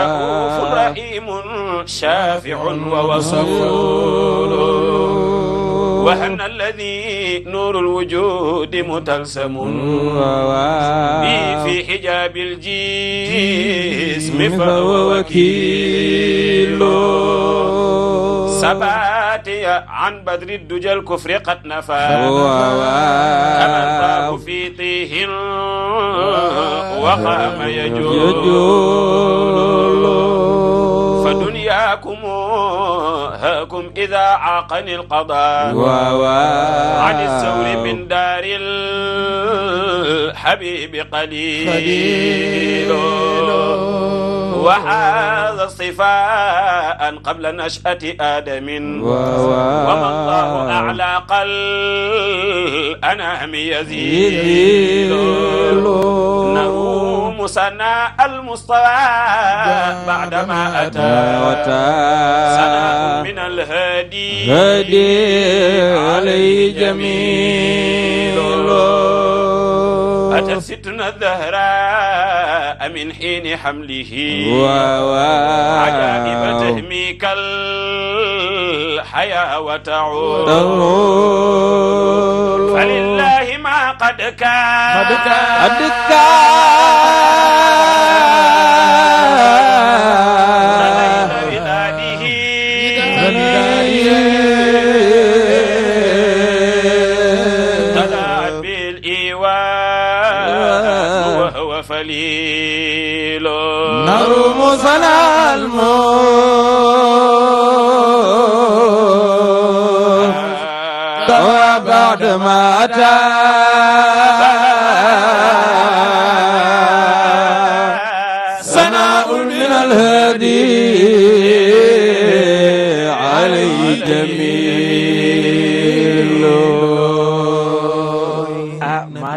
رؤوف رحيم شافع ووصول وحن الذي نور الوجود متلسم بي في حجاب الجسم فهو وكيل سباتي عن بدر الدجى الكفر قد نفى كمن في طيه وقام يجول فدنياكم هاكم إذا عاقني القضاء عن السور من دار الله الحبيب قليل وهذا الصفاء قبل نشأة آدم وما الله أعلى قل أنام يزيد نروم مسنا المصطفى بعدما أتى سناء من الهدي هدي علي جميل أتستنا الدهر أمن حين حمله عجائب تهميك الحياة وتعود فلله ما قد كان قد كان خليل نار مصلى الموت بعد ما أتى سناء من الهدي علي جميع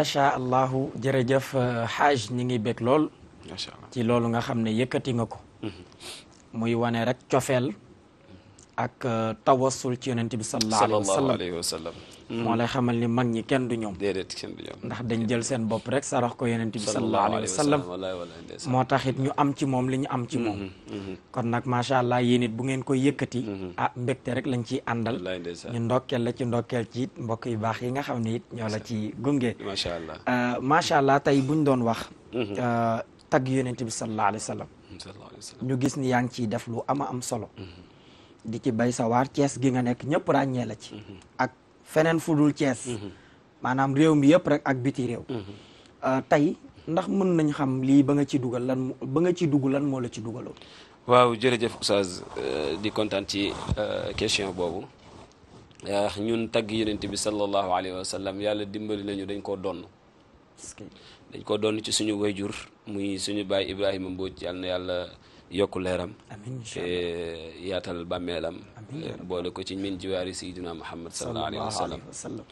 macha allahu jërëjëf xaaj euh, ñi ngi bég lool. ci loolu nga xam ne yëkkati nga ko. Mhm. muy wane rek cofeel ak euh, tawasul ci yonent bi sallallahu alayhi wa sallam moo hmm. lay xamal ni mag ñi kenn du ñoom déedéet ndax dañ jël seen bopp rek sarax ko yonent bi sallallahu alayhi wa sallam moo taxit ñu am ci moom li ñu am ci moom hmm, hmm, kon nag macha allah yéen it bu ngeen koy yëkkati a ah, mbégte rek lañ ciy àndal ñu ndokkeel la ci ndokkeel ci mbokk yu baax yi nga xam ni it ñoo la ci gunge macha allah euh, macha allah tey buñ doon wax euh, tag yonent bi sallallahu alayhi wa sallam ñu gis ni yaa ngi def lu ama am solo di ci bay sawaar cees gi nga nekk ñëpp ràññee la ci mhm. ak feneen fu dul Thiès mhm. maanaam réew mi yëpp rek ak biti réew mhm. euh, tey ndax mën nañ xam lii ba nga ci dugal lan ba nga ci dugg lan moo la ci dugaloo waaw jërëjëf Oustaz euh, di kontaan ci euh, question boobu ñun tagg yonent bi sallallahu alayhi wa sallam yàlla dimbali nañu dañ koo donn dañ koo donn ci suñu wayjur muy suñu baay Ibrahima Mbodj yàlla na yàlla yokk leeram yaatal bàmmeelam boole ko ci min jiwaari sayyidina muhammad sallallahu alayhi wa sallam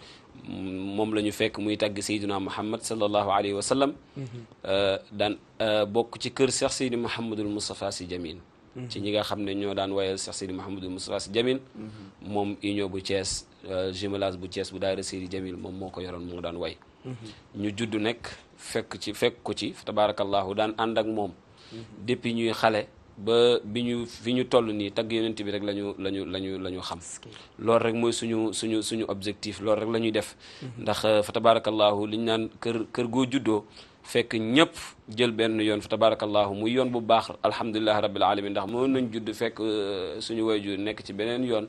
moom la ñu fekk muy tàgg sayyidina muhammad sallallahu alayhi wa sallam mhm. eh, daan eh, bokk ci kër Cheikh Seydi Mouhamadul Moustapha Sy Jamil mhm. ci ñi nga xam ne ñoo daan wayal Cheikh Seydi Mouhamadul Moustapha Sy Jamil mhm. moom union bu Thiès eh, jumelage bu Thiès bu daayira Seydi Jamil moom moo ko yoroon moo daan way ñu judd nekk fekk ci fekk ko ci tabarakallahu daan ànd ak moom depuis ñuy xale ba bi ñu fi ñu toll nii tagg yonent bi rek la ñu la ñu la ñu la ñu xam loolu rek mooy suñu suñu suñu objectif loolu rek la ñuy def mhm. ndax fa tabarakallahu liñ naan kër kër goo juddoo fekk ñëpp jël benn yoon fa tabarakallahu muy yoon bu baax alhamdulilahi rabbil alamin ndax mën nañ judd fekk euh, suñu wayjur nekk ci beneen yoon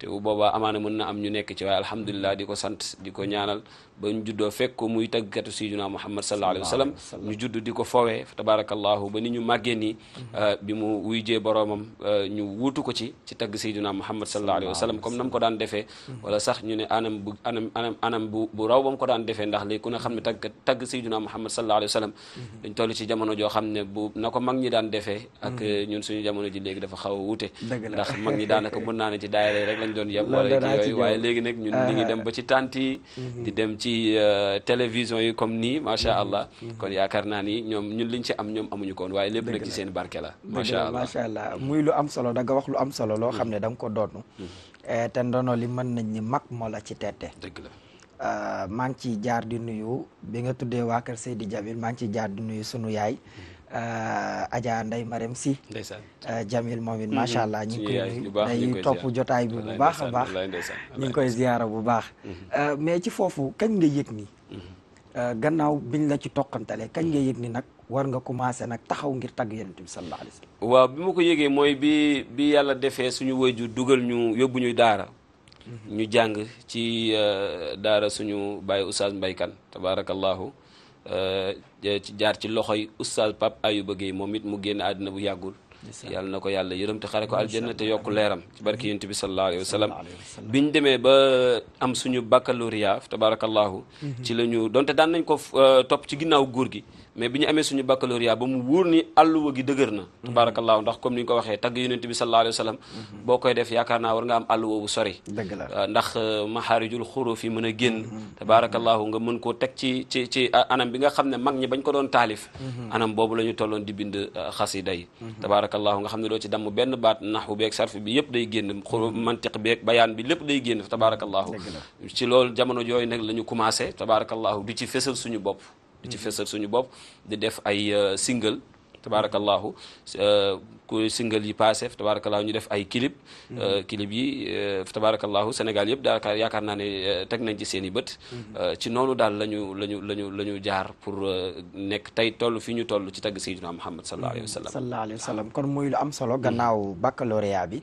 te bu boobaa amaana mën na am ñu nekk ci waaye alhamdulilah di ko sant di ko ñaanal ba ñu juddoo fekk ko muy tàggkatu sayyidina muhammad sallallahu alayhi wa sallam ñu judd di ko fowee fa tabarakallahu ba ni ñu màggee nii mhm. euh, bi mu wuy jee boroomam euh, ñu wuutu ko ci ci tagg sayyidina muhammad sallallahu alayhi wa sallam comme nam ko daan defee mhm. wala sax ñu ne anam bu anam anam anam bu bu raw bam ko daan defee ndax léegi ku ne xam ne tagg tagg sayyidina muhammad sallallahu alayhi wa sallam mhm. toll ci jamono joo xam ne bu na ko mag ñi daan defee ak mm-hmm. ñun suñu jamono ji léegi dafa xaw a wute ndax mag ñi daanaka mën naa ne ci daayira rek lañ doon yem wala waaye léegi nag ñun ah. dem ba ci tant yi mm-hmm. dem ci euh, télévision yi comme nii macha mm-hmm. allah kon yaakaar naa ni ñoom ñun liñ ci am ñoom amuñu koon waaye lépp nag ci seen barke la macha allah macha allah muy lu am solo da wax lu am solo loo xam ne da nga ko doonu eh, te ndono li mën nañ ñi mag moo la ci teete dëgg la Euh, maa ngi ciy jaar di nuyu bi nga tuddee waa Kër di Jamil maa ngi ciy jaar di nuyu sunu yaay. Euh, Adja Ndeye Marème si ndeysaan euh, Jamil moom it mhm. macha allah. ñu ngi koy day topp jotaay bi bu baax a baax. ñu ngi koy ziyaara bu baax. Mhm. mais ci foofu kañ nga yëg ni. Mhm. gannaaw biñ la ci toqantalee kañ nga yëg ni nag war nga commencé nag taxaw ngir tagg yonent bi sallallahu alayhi wa waaw bi ma ko yëgee mooy bi bi yàlla defee suñu wayju dugal ñu yóbbu ñuy daara. ñu jàng ci euh, daara suñu bàyyi oustaz mbaykan tabaarakallaahu euh, ci jaar ci loxoy oustaz Pape Ayouba Guèye moom it mu génn àddina bu yàggul yàlla na ko yàlla yërëm te xare ko aljanna te yokk leeram ci barke yonent bi sallallahu alayhi wa sallam bi ñu demee ba am suñu baccalauréat tabaarakallaahu mhm. ci la ñu donte daan nañ ko euh, topp ci ginnaaw góor gi mais bi ñu amee suñu baccalauréat ba mu wóor ni àlluwa gi dëgër na tabaarakallaahu ndax comme ni ñu ko waxee tagg yonent bi sallallahu alayhi wa mhm. boo koy def yaakaar naa war nga am àlluwa bu sori dëgg la ndax euh, maxaarijul xuruuf yi mën a génn mhm. Mhm. tabaarakallaahu nga mën koo teg ci ci ci anam bi nga xam ne mag ñi bañ ko doon taalif anam boobu la ñu tolloon di bind euh, xasida yi tabaarakallaahu nga xam ne doo ci damm benn baat naxu beeg sarf bi yëpp day génn xuru mantiq beeg bayaan bi lépp day génn tabaarakallaahu ci loolu jamono yooyu nag la ñu commencé tabaarakallaahu di ci fësal suñu bopp di ci fesal suñu bopp di def ay euh, single tabarakallahu euh, ku single yi passé tabarakallahu ñu def ay clip mhm. euh, clip yi tabarakallahu Sénégal yëpp daanaka yaakaar naa ne teg nañ ci seen i bët mhm. ci noonu daal la ñu la ñu la ñu la ñu jaar pour nekk tey toll fi ñu toll ci tagg Seydina Muhammad sallallahu alayhi wa sallam mhm. sallallahu alayhi kon muy lu am solo gannaaw baccalauréat bi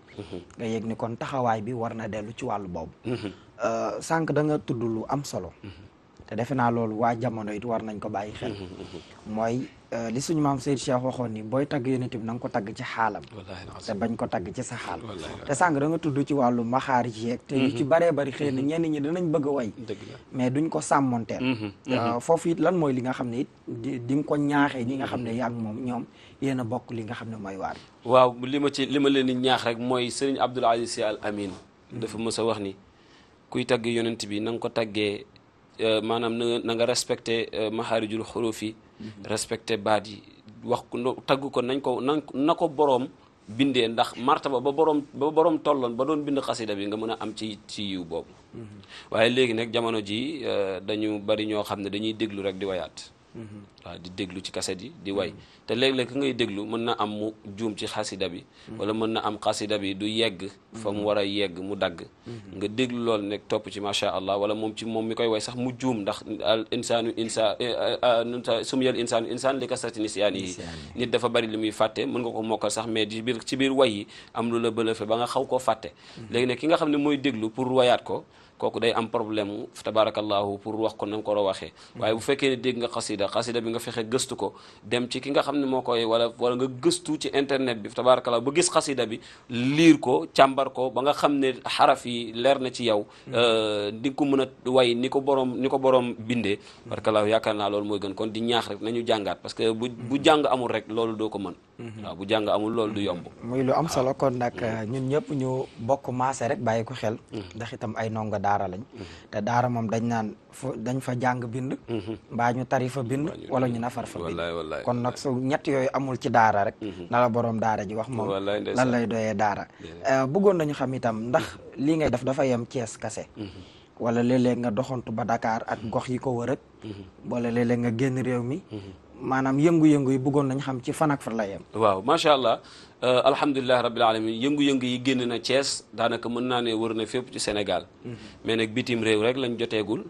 nga yëg ni kon taxawaay bi war na dellu ci wàllu boobu sànq danga tudd lu am solo te defe naa loolu waa jamono it war nañ ko bàyyi xel mhm, mhm, mhm. mooy euh, li suñu maam Seydou Cheikh waxoon ni booy tagg yonent bi na ko tagg ci xaalam te bañ ko tagg ci sa xaal te sàng da nga tudd ci wàllu maxaar ci yeeg ci baree bari xëy na ñenn ñi danañ bëgg a way mais duñ ko sàmmonteel euh, foofu it lan mooy li nga xam ne it di nga ko ñaaxee ñi nga xam ne yaa moom ñoom yéen a li nga xam ne mooy waar waaw li ma ci li ma leen di ñaax rek mooy Serigne Abdoul Aziz Al dafa mës a wax ni kuy tagg yonent bi na nga ko taggee Euh, maanaam na nga respecté euh, maxaarijul xuruf yi mhm. respecté baat yi wax tagg ko nañ ko nan na ko boroom bindee ndax martaba ba boroom ba boroom tolloon ba doon bind xasida bi nga mën a am ci ci yiw boobu mhm. waaye léegi nag jamono ji euh, dañu bari ñoo xam ne dañuy déglu rek di wayaat waaw di déglu ci kaset yi di way te léeg-léeg ki ngay déglu mën na am mu juum ci xasida bi wala mën na am xasida bi du yegg fa mu war a yegg mu dagg nga déglu lool nekk topp ci macha allah wala moom ci moom mi koy way sax mu juum ndax al insaanu insa eh, eh, ah, nunta sumiyal insaanu insaan li kasrati nisyaan yi nit dafa bari li muy fàtte mën nga ko mokkal sax mais ci biir ci biir way yi am lu la bëlëfe ba nga xaw koo fàtte mm-hmm. léegi nag ki nga xam ne mooy déglu pour wayaat ko kooku day am problème mu tabarakallahu pour wax ko na ko war a waxee waaye bu fekkee ne dégg nga xasida xasida bi nga fexe gëstu ko dem ci ki nga xam ne moo koy wala wala nga gëstu ci internet bi tabarakallahu ba gis xasida bi liir ko càmbar ko ba nga xam ne xaraf yi leer na ci yow hmm. euh, di ko mën a way ni ko borom ni ko borom bindee hmm. tabarakallahu yaakaar naa loolu mooy gën kon di ñaax rek nañu jàngaat parce que bu bu jàng amul rek loolu doo ko mën Mm-hmm. bu jàng amul loolu du yomb. muy lu am solo kon nag mm-hmm. ñun ñëpp ñu bokk maase rek bàyyi ko xel. Mm-hmm. ndax itam ay ndongo daara lañ. te daara moom dañ naan fa dañ fa jàng bind. mbaa ñu tari fa bind. wala ñu nafar fa bind. kon nag su ñett yooyu amul ci daara rek. na la borom daara ji wax moom. lan lay doyee daara. Euh, bëggoon nañu xam itam ndax lii ngay def dafa yem Cees kase. wala léeg-léeg nga doxantu ba dakaar ak gox yi ko wër ak. wala léeg-léeg nga génn réew mi. maanaam yëngu-yëngu yi bëggoon nañ xam ci fan ak fan la yem waaw macha allah euh, alhamdulilah rabbil alamin yëngu-yëngu yi génn na cees daanaka mën naa ne wër na fépp ci Sénégal mhm. mais nag bitim réew rek lañ joteegul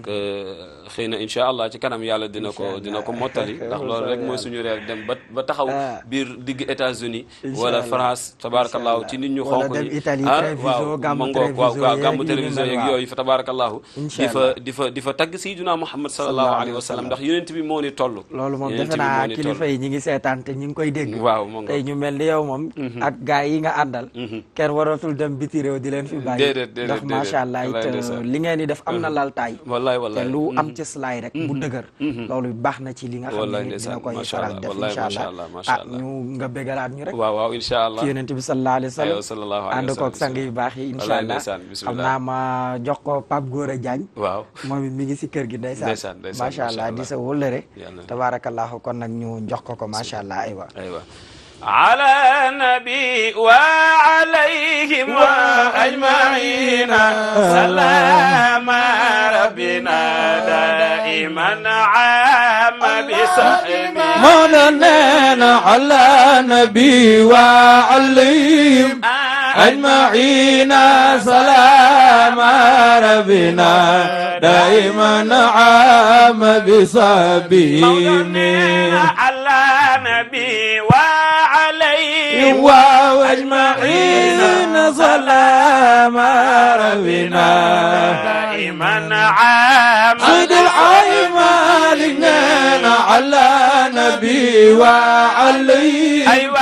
parce que euh, xëy na incha allah ci kanam yàlla dina ko dina ko mottali ndax loolu rek mooy suñu réer dem ba ba taxaw ah. biir digg États-Unis wala France tabaarakallaahu ci nit ñu xonk yi ah waaw ma ngoog waaw waaw gàmmu télévision yeeg yooyu fa tabaarakallaahu di fa di fa di fa tagg Sayyiduna Muhammad sallallahu alayhi wa sallam ndax yonent bi moo ni toll loolu moom defe naa kilifa yi ñi ngi seetaan te ñi ngi koy dégg waaw ma ngoog tey ñu mel ni yow moom mhm. ak gaay yi nga àndal mhm. kenn dem biti réew di fi bàyyi déedéet déedéet ndax def am na mhm. laltaay wallaay wallaay te lu am mm-hmm. ci laay rek bu mm-hmm. dëgër mm-hmm. loolu baax na ci li nga xam ne dina koy faral def incha allah ah ñu nga bégalaat ñu rek waaw waaw incha allah ci yonent bi sallallahu alayhi wa xam naa ma jox ko Pape Gora Diagne waaw moom it mi ngi si kër gi ndeysaan macha allah di sa wëllëre tabarakallahu kon nag ñu jox ko ko macha allah aywa على نبي وعليهم أجمعين سلام ربنا دائما عام بسلم مولانا على نبي وعليهم أجمعين سلام ربنا دائما عام بصبيم على نبي وأجمعين سلام ربنا دائما عام عيد العيمالنا على نبي وعلي أيوة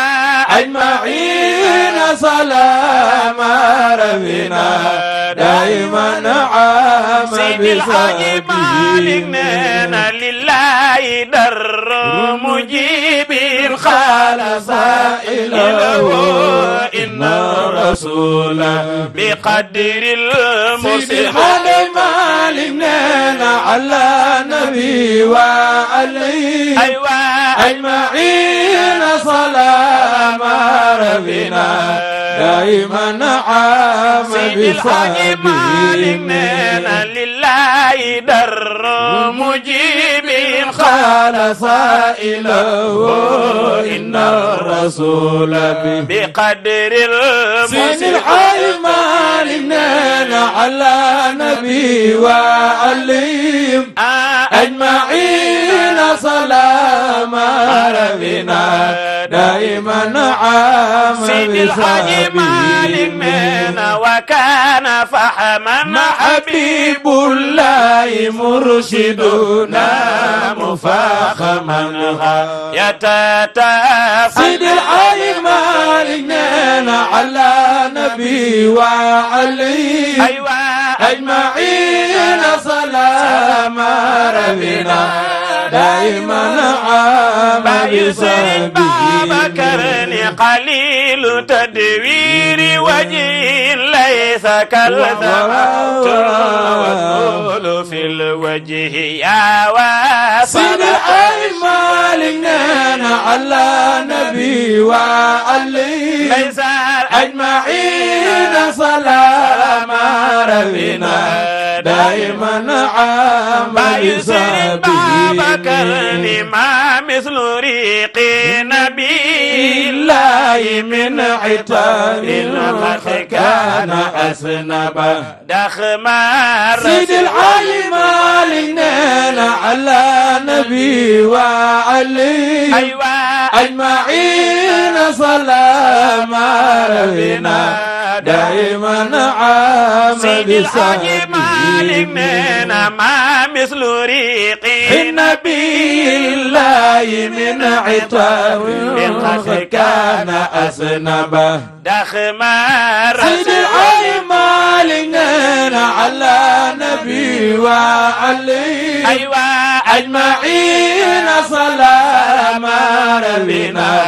أجمعين سلام ربنا دائما عام بسببه لله لله در مجيب خالص إله إن رسول بقدر المصيح معلمنا على نبي وعلي أيوة أجمعين صلاة ربنا دائما عام بصحبه حيدر مجيب قال سائله إن الرسول بقدر المسلم الحيمان على نبي وعليم آه أجمعين سلام ربنا دائما عام سيدي الحاج مالك منا وكان فحما حبيب الله مرشدنا مفاخما يا تاتا سيدي الحاج مالك منا على نبي وعلي أيوة أجمعين بنا دائما عام بسببه بابكر قليل تدوير وجه ليس كالثبات والنول في الوجه يا واسد أجمال على نبي وعلي ليس أجمعين سلام ربنا دائما عاما لسابه بكر لما مثل ريق نبي الله من عطار الخلق كان أسنبا دخمار سيد العالم علينا على نبي وعلي أيوة أجمعين سلام ربنا دائما عام سيد الحاج مالك نينا ما مثل ريقي النبي الله من عطاو من كان أسنبه دخمار سيد الحاج مالك نينا على نبي وعلي أيوه أجمعين سلام ربنا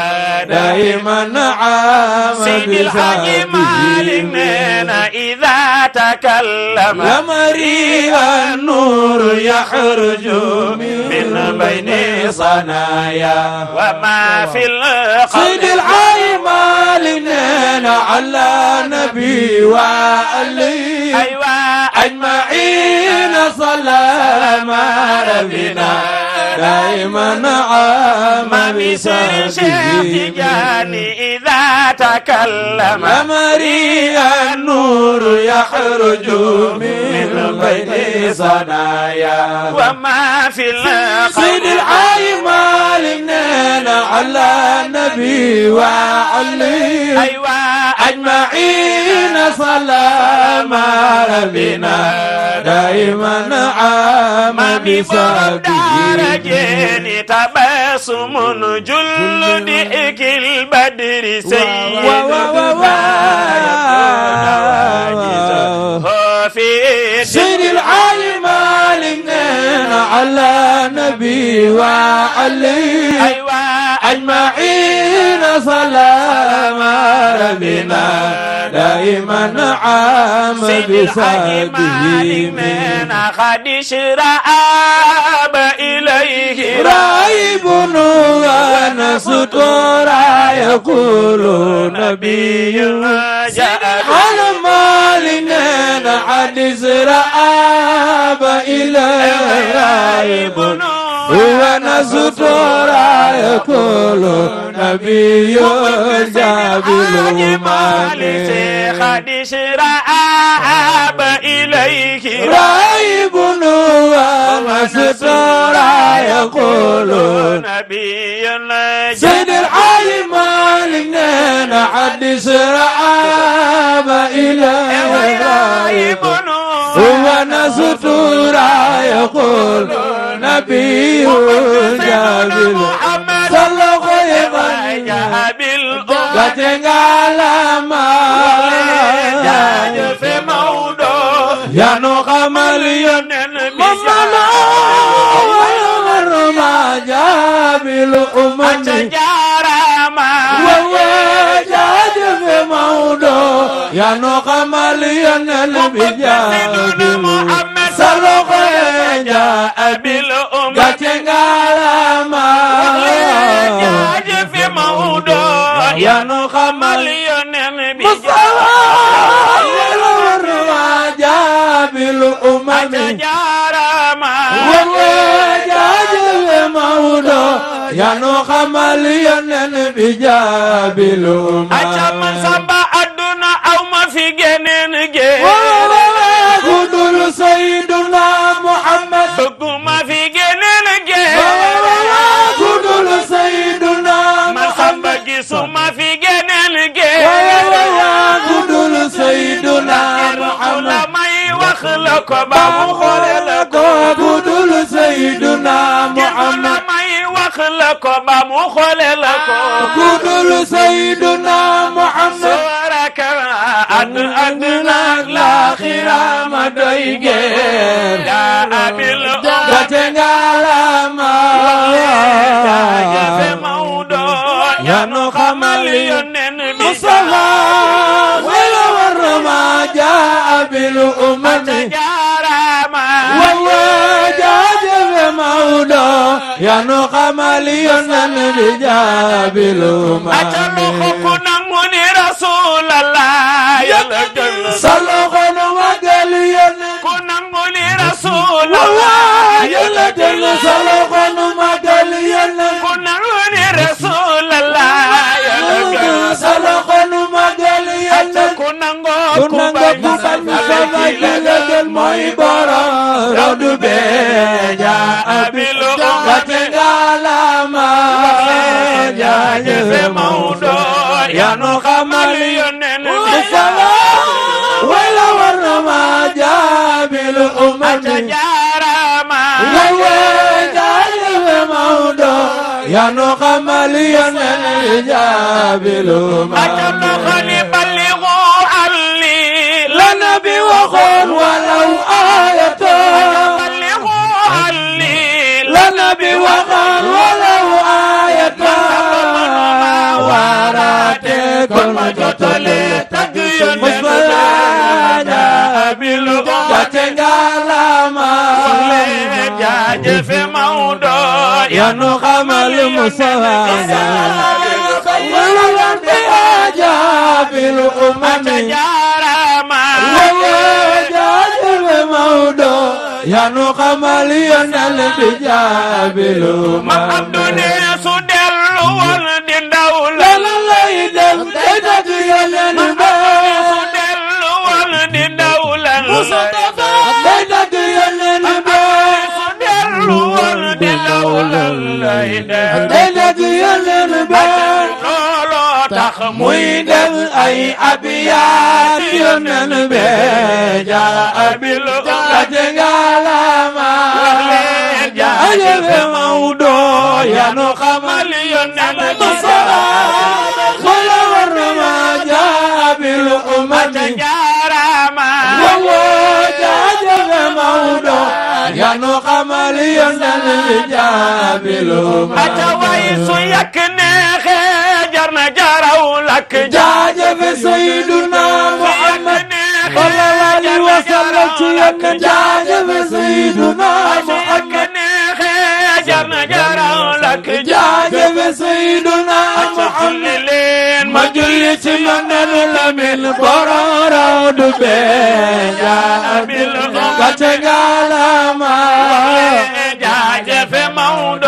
دائما عام سيد الحاج مالنا إذا تكلم يمري النور يخرج من بين صنايا وما في القلب سيد الحاج مالنا على نبي وعلي أيوة أجمعين سلام ربنا دائما عاما بسر شيخ جاني إذا تكلم مريا النور يخرج من بين صنايا وما في القصيد العايمة لمنان على النبي وعلي أيوة أجمعين سلام ربنا دائما عام بفضله تبسم جلدك البدر سيد في سيد العالم على نبي وعلي أجمعين سلام ربنا دائما عام بسعده من أخد شراب إليه رايب ونسطورا يقول نبي جاء المالين عد زراب إليه رايب ونسترى يقول نبي جابر مالي خديش رأي هاب إليه رايب ومستورا يقول نبي سيد العالم مالنا حد سرعاب إليه رايب ومستورا يقول نبي جابر محمد bil ummati ngalama jaajëfe Maodo yaa nu xamal yonen mi ma jaabil ummati jaarama wawe jaajëfe Maodo yaa nu xamal yonen mi jaabil salo xeeja abil ummati jëfe Maodo yanu xamal yonen bi jaabilu umami jaarama wala jaajabe Maodo yanu xamal yonen bi jaabilu umami aca man samba adduna aw ma fi geneen ge ku dul sayid wax la ko ba mu xoole la ko ku dul sayyiduna Muhammad may wax la ko ba mu xoole la ko ku dul sayyiduna Muhammad sooraka ad adna laaxira ma doy geer daa abil da te nga la ma بالأمم تجارما ووجد المولى ينق مليا بجاب الأمم أتلقكنا من رسول الله يلدل صلقنا وقليا كنا من رسول الله يلدل صلقنا وقليا كنا من رسول الله يلدل صلقنا وقليا كنا من ku bañ ma safale ki la gën mooy borom raw du beeja abil ummati galama ja jëfe mawdo yaa nu xamal yonen bi sala wala war na ma jaabil ummati jaarama lawe ja jëfe mawdo yaa nu xamal yonen bi jaabil ummati jëfe Maodo yanu xamal musawa wala lan te ajaabilu umami mawdo yanu xamal yonal bi jaabilu ma abdu ne su dellu woon di ndaw la la lay dem te dag yonal ba su dellu woon di ndaw la mustafa te dag yonal ba su dellu woon di ndaw la lay dem te dag yonal ba tax muy def ay abiyaat yonen be jaa abil kaje ngaalama jaa ajebe mawdo yanu xamal yonen bi salaa wala warama jaa abil umami jaarama wala jaa ajebe mawdo yanu xamal yonen bi jaa abil umami ataway su yak neexe takk jaajëfe sayyiduna Muhammad sallallahu alayhi wa sallam ci yenn jaajëfe sayyiduna Muhammad jar na jaraw lakk jaajëfe sayyiduna Muhammad ma julli ci mannanu lamin borom raw du bee jaabil ka te galama jaajëfe mawdo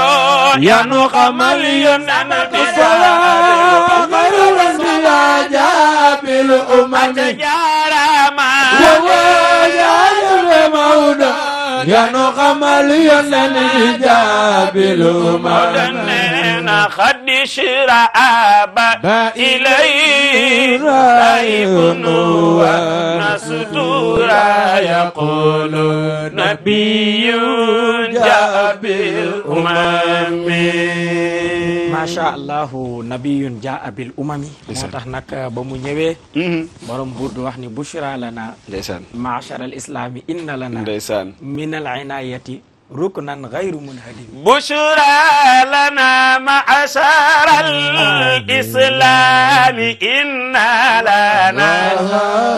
يا مقملي أنا الصلاة خير الأنبياء جاء بالأمم وهو يا المولى yanu xamal yonen yi jaabilu ma na xaddi shira aba ilayi raibunu wa nasutura yaqulu nabiyun jaabil umami macha allahu nabiyun jaa bil umami moo tax nag uh, ba mu ñëwee mm-hmm. borom buur du wax ni bushra lana ndeysaan maachar al islami inna lana ndeysaan min al inayati ruknan gayru munhadim bushra lana maachar al islami inna lana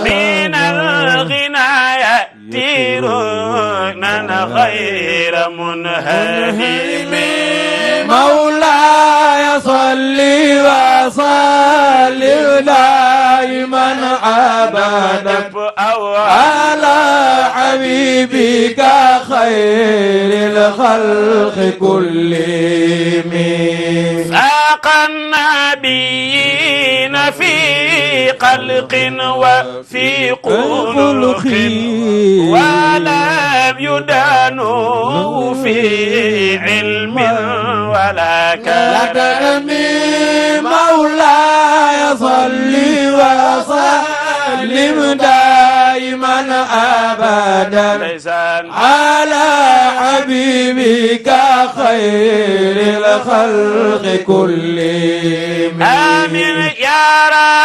min al ginayati ruknan gayra munhadim مولاي صل وسلم دائما ابدا على حبيبك خير الخلق كلهم ساق النبيين في قلق وفي قلق ولا يدان في علم ولا كلام مولاي صلي وسلم دائما ابدا على حبيبك خير الخلق كلهم امين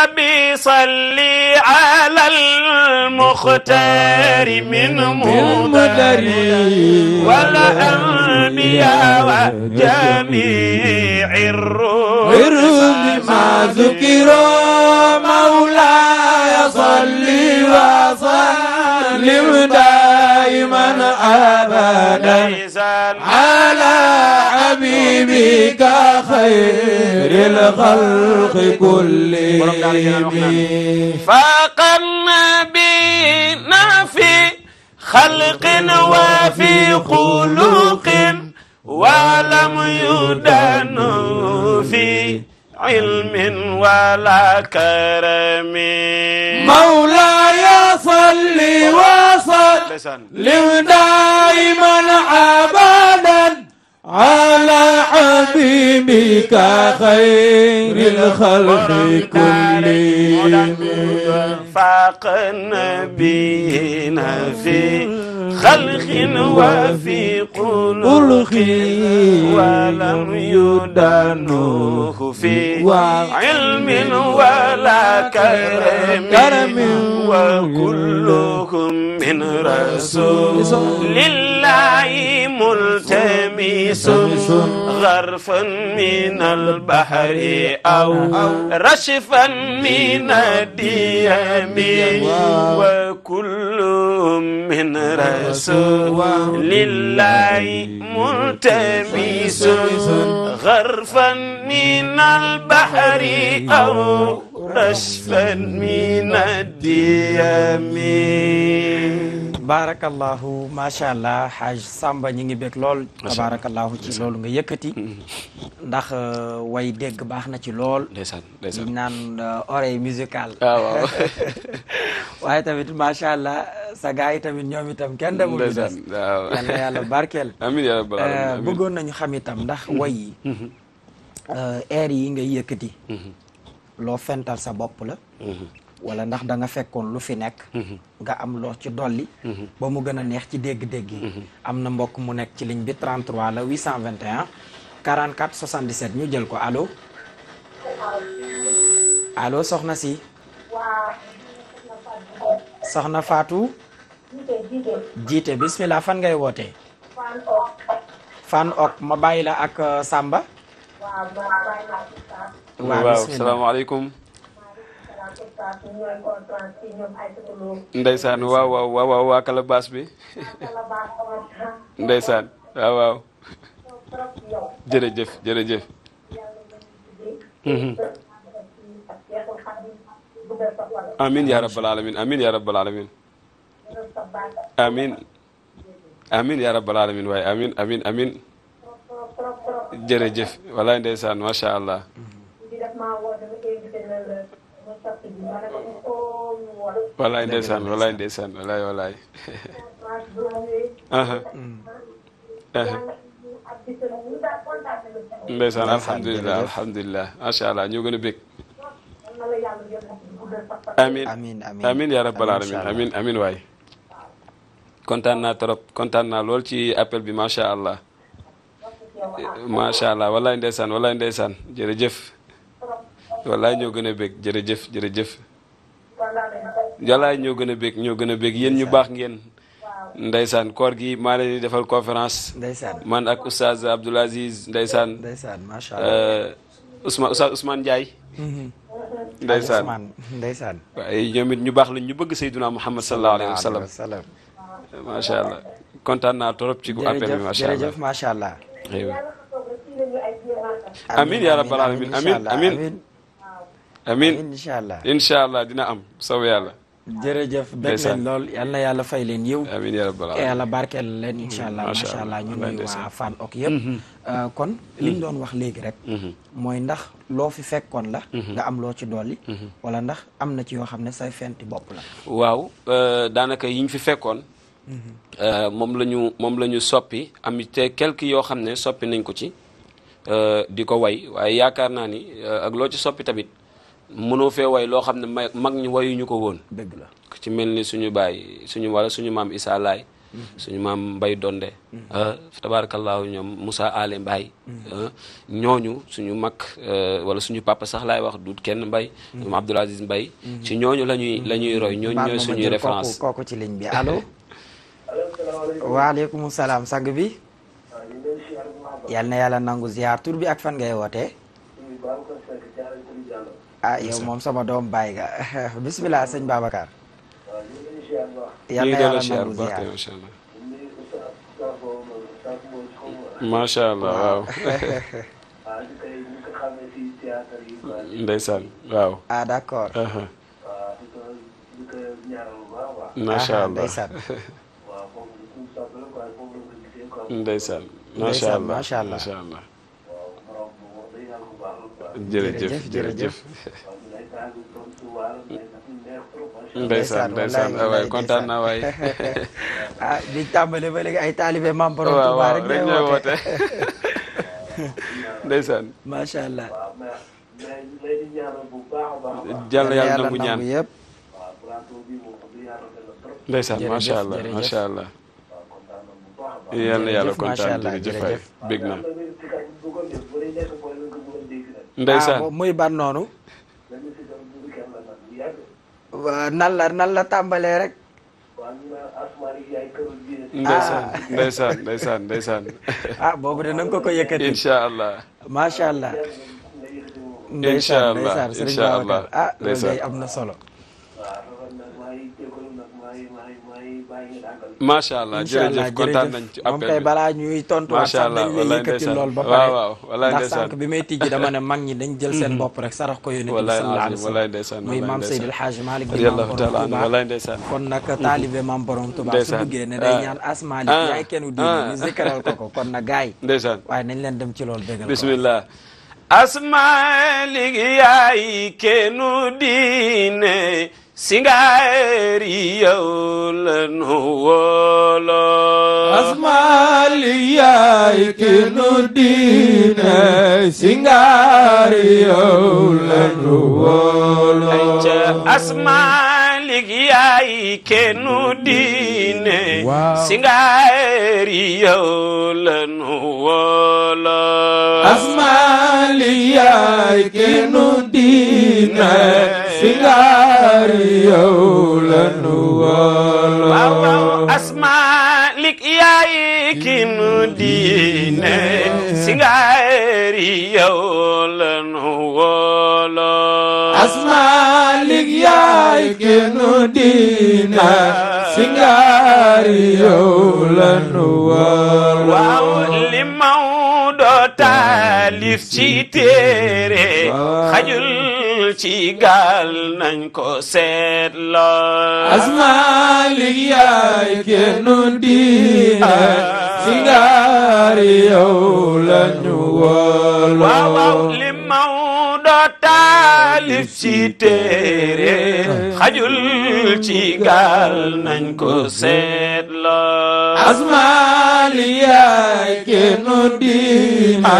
النبي صلي على المختار من مدري والأنبياء وجميع الرسل ما ذكروا مولاي صلي وسلم دائما أبدا على حبيبك خير الخلق كلهم فقرنا بنا في خلق وفي خلق ولم يدن في علم ولا كرم مولاي صل وسلم دائما ابدا على حبيبك خير الخلق كلهم فاق نبينا في خلق وفي قلق ولم يدانوه في علم ولا كرم وكلهم من رسول الله الله ملتمس غرفا من البحر أو رشفا من الديم وكلهم من رسول الله ملتمس غرفا من البحر أو mi من الديم baarakallahu macha allah haj samba ñi ngi bég lool tabaarakallahu ci loolu nga yëkkati mm-hmm. ndax euh, way dégg baax na ci lool liñ naan euh, oreille musicale ah, waaw waaye tamit macha allah sa gars yi tamit ñoom itam kenn demul des yal na yàlla barkeel euh, nañu xam itam ndax way mm-hmm. yi air nga yëkkati mm-hmm. loo fental sa bopp la mhm. wala ndax danga fekkoon lu fi nekk mhm. nga am loo ci dolli mhm. ba mu gën a neex ci dégg-dégg yi am na mbokk mu nekk ci ligne bi 33 la 821 44 77 ñu jël ko allo allo soxna si soxna faatu jiite bismillah fan ngay woote fan ok ma bàyyi la ak euh, sàmba waaw salaamaaleykum. ndeysaan waaw waaw waaw waaw waa Calebasse bi. ndeysaan jërëjëf jërëjëf. Mhm. amin yaa rabbal alamin amin yaa rabbal alamin amin amin yaa rabbal amin amin amin jërëjëf ndeysaan macha allah daf maa woo dafa invité na la ma soppi bi allah ñoo gën a bég. amiin alamin amiin amiin waay. kontaan naa trop kontaan na lool ci appel bi macha allah. macha allah wallaay ndeysaan wallaay jërëjëf. wallaay ñoo gën a bég jërëjëf jërëjëf wallaay ñoo gën a bég ñoo gën a bég yéen ñu baax ngeen ndaysaan koor gi maa leen di defal conférence man ak oustaz Abdoul Aziz ndaysaan euh, Ousmane oustaz Ousmane Ndiaye mhm. ndaysaan ndaysaan waaye ñoom it ñu baax lañ ñu bëgg Seydina Muhammad sallallahu alayhi wa sallam macha allah kontaan naa trop ci appel bi macha allah jërëjëf macha allah amin yaa rabbal alamin amin amin amin incha allah incha allah dina am saw yàlla jërëjëf bég leen lool yàlla yàlla fay leen yiw amiin yaa rabbal aalamiin yàlla leen incha allah macha allah ñu nuyu waa Fann ok yëpp mm-hmm. euh, kon liñ doon wax léegi rek mm-hmm. mooy ndax loo fi fekkoon la mm-hmm. nga am loo ci dolli wala ndax am na ci yoo xam ne say fenti bopp la waaw euh, daanaka yi ñu fi fekkoon euh, moom lañu moom la ñu soppi amit te quelque yoo xam ne soppi nañ ko ci di ko way waaye yaakaar naa ni ak loo ci soppi tamit mënoo fee way loo xam ne ma mag ñi wayuñu ko woon dëgg la ci mel ni suñu baay suñu wala suñu maam Issa Laay mm-hmm. suñu maam Mbay Donde mm-hmm. ah, tabaarakallaahu ñoom Moussa Ale Mbaye mm-hmm. ah, ñooñu suñu mag eh, wala suñu papa sax laay wax duut kenn Mbay ñoom Abdoul Aziz Mbay ci ñooñu lañuy la ñuy roy ñooñu ñooy suñuy kooku ci liñ bi allo waaleykum sang bi yal na yàlla nangu ziar tur bi ak fan ngay woote ah yow moom sama doom bàyyi nga bisimilah sëñ Babacar. yàlla yàlla nangu ziar macha allah waaw. ndeysaan waaw. ah d'accord. macha ah, allah ndeysaan. ndeysaan macha allah. jërëjëf jërëjëf ndeysaan ndeysaan waay kontaan na waay ah di tàmbale ba léegi ay taalibe maam borom Tuubaa rek ñooy woote ndeysaan macha allah jàll yàlla nangu ñaan yëpp ndeysaan macha allah macha allah yàlla yàlla kontaan jërëjëf waay bég na ndeysaan ah, muy ban noonu nalla nalla tàmbalee rek ndeysaan ah. ndeysaan ndeysaan ndeysaan ah boobu de na nga ko ko yëkkati incha allah macha allah ndeysaan ndeysaan sëriñ Babacar ah loolu day am na solo macha allah jërëjëf kontaan nañ ci appel bi moom kay balaa ñuy tontu sax dañ lay yëkkati lool ba pare waaw waaw ndax sànq bi may tijji dama ne mag ñi dañ jël seen bopp rek sarax ko yónent bi sallallahu alayhi wa sallam muy maam Seydil Hadji Malick di maam borom Tuubaa kon nag taalibe maam borom Tuubaa su duggee ne ah. day ñaan asmaali ah. yaay kenn diine ñu ah. zikaral ko ko kon na gaay ndeysaan waaye nañ leen dem ci loolu bégal bismillah asmaali yaay kenn diine singaari yow la nu wóoloo. asmaali yaay ki nu diine singaari yow la nu wóoloo. ayca asmaali yaay ki nu diine. waaw singaari yow la nu wóoloo. asmaali yaay ki nu diine. sinaar yow la nu wolo asmaalik yaay ki nu diine sinaar yow la nu wolo asmaalik taalif ci téere ci gaal nañ ko seetloo. asmaalik yaay kennu diine singaari yow lañu wóoloo. waaw waaw li Maodo taalif ci téere xajul ci gaal nañ ko seetloo. asmaalik yaay kennu diine.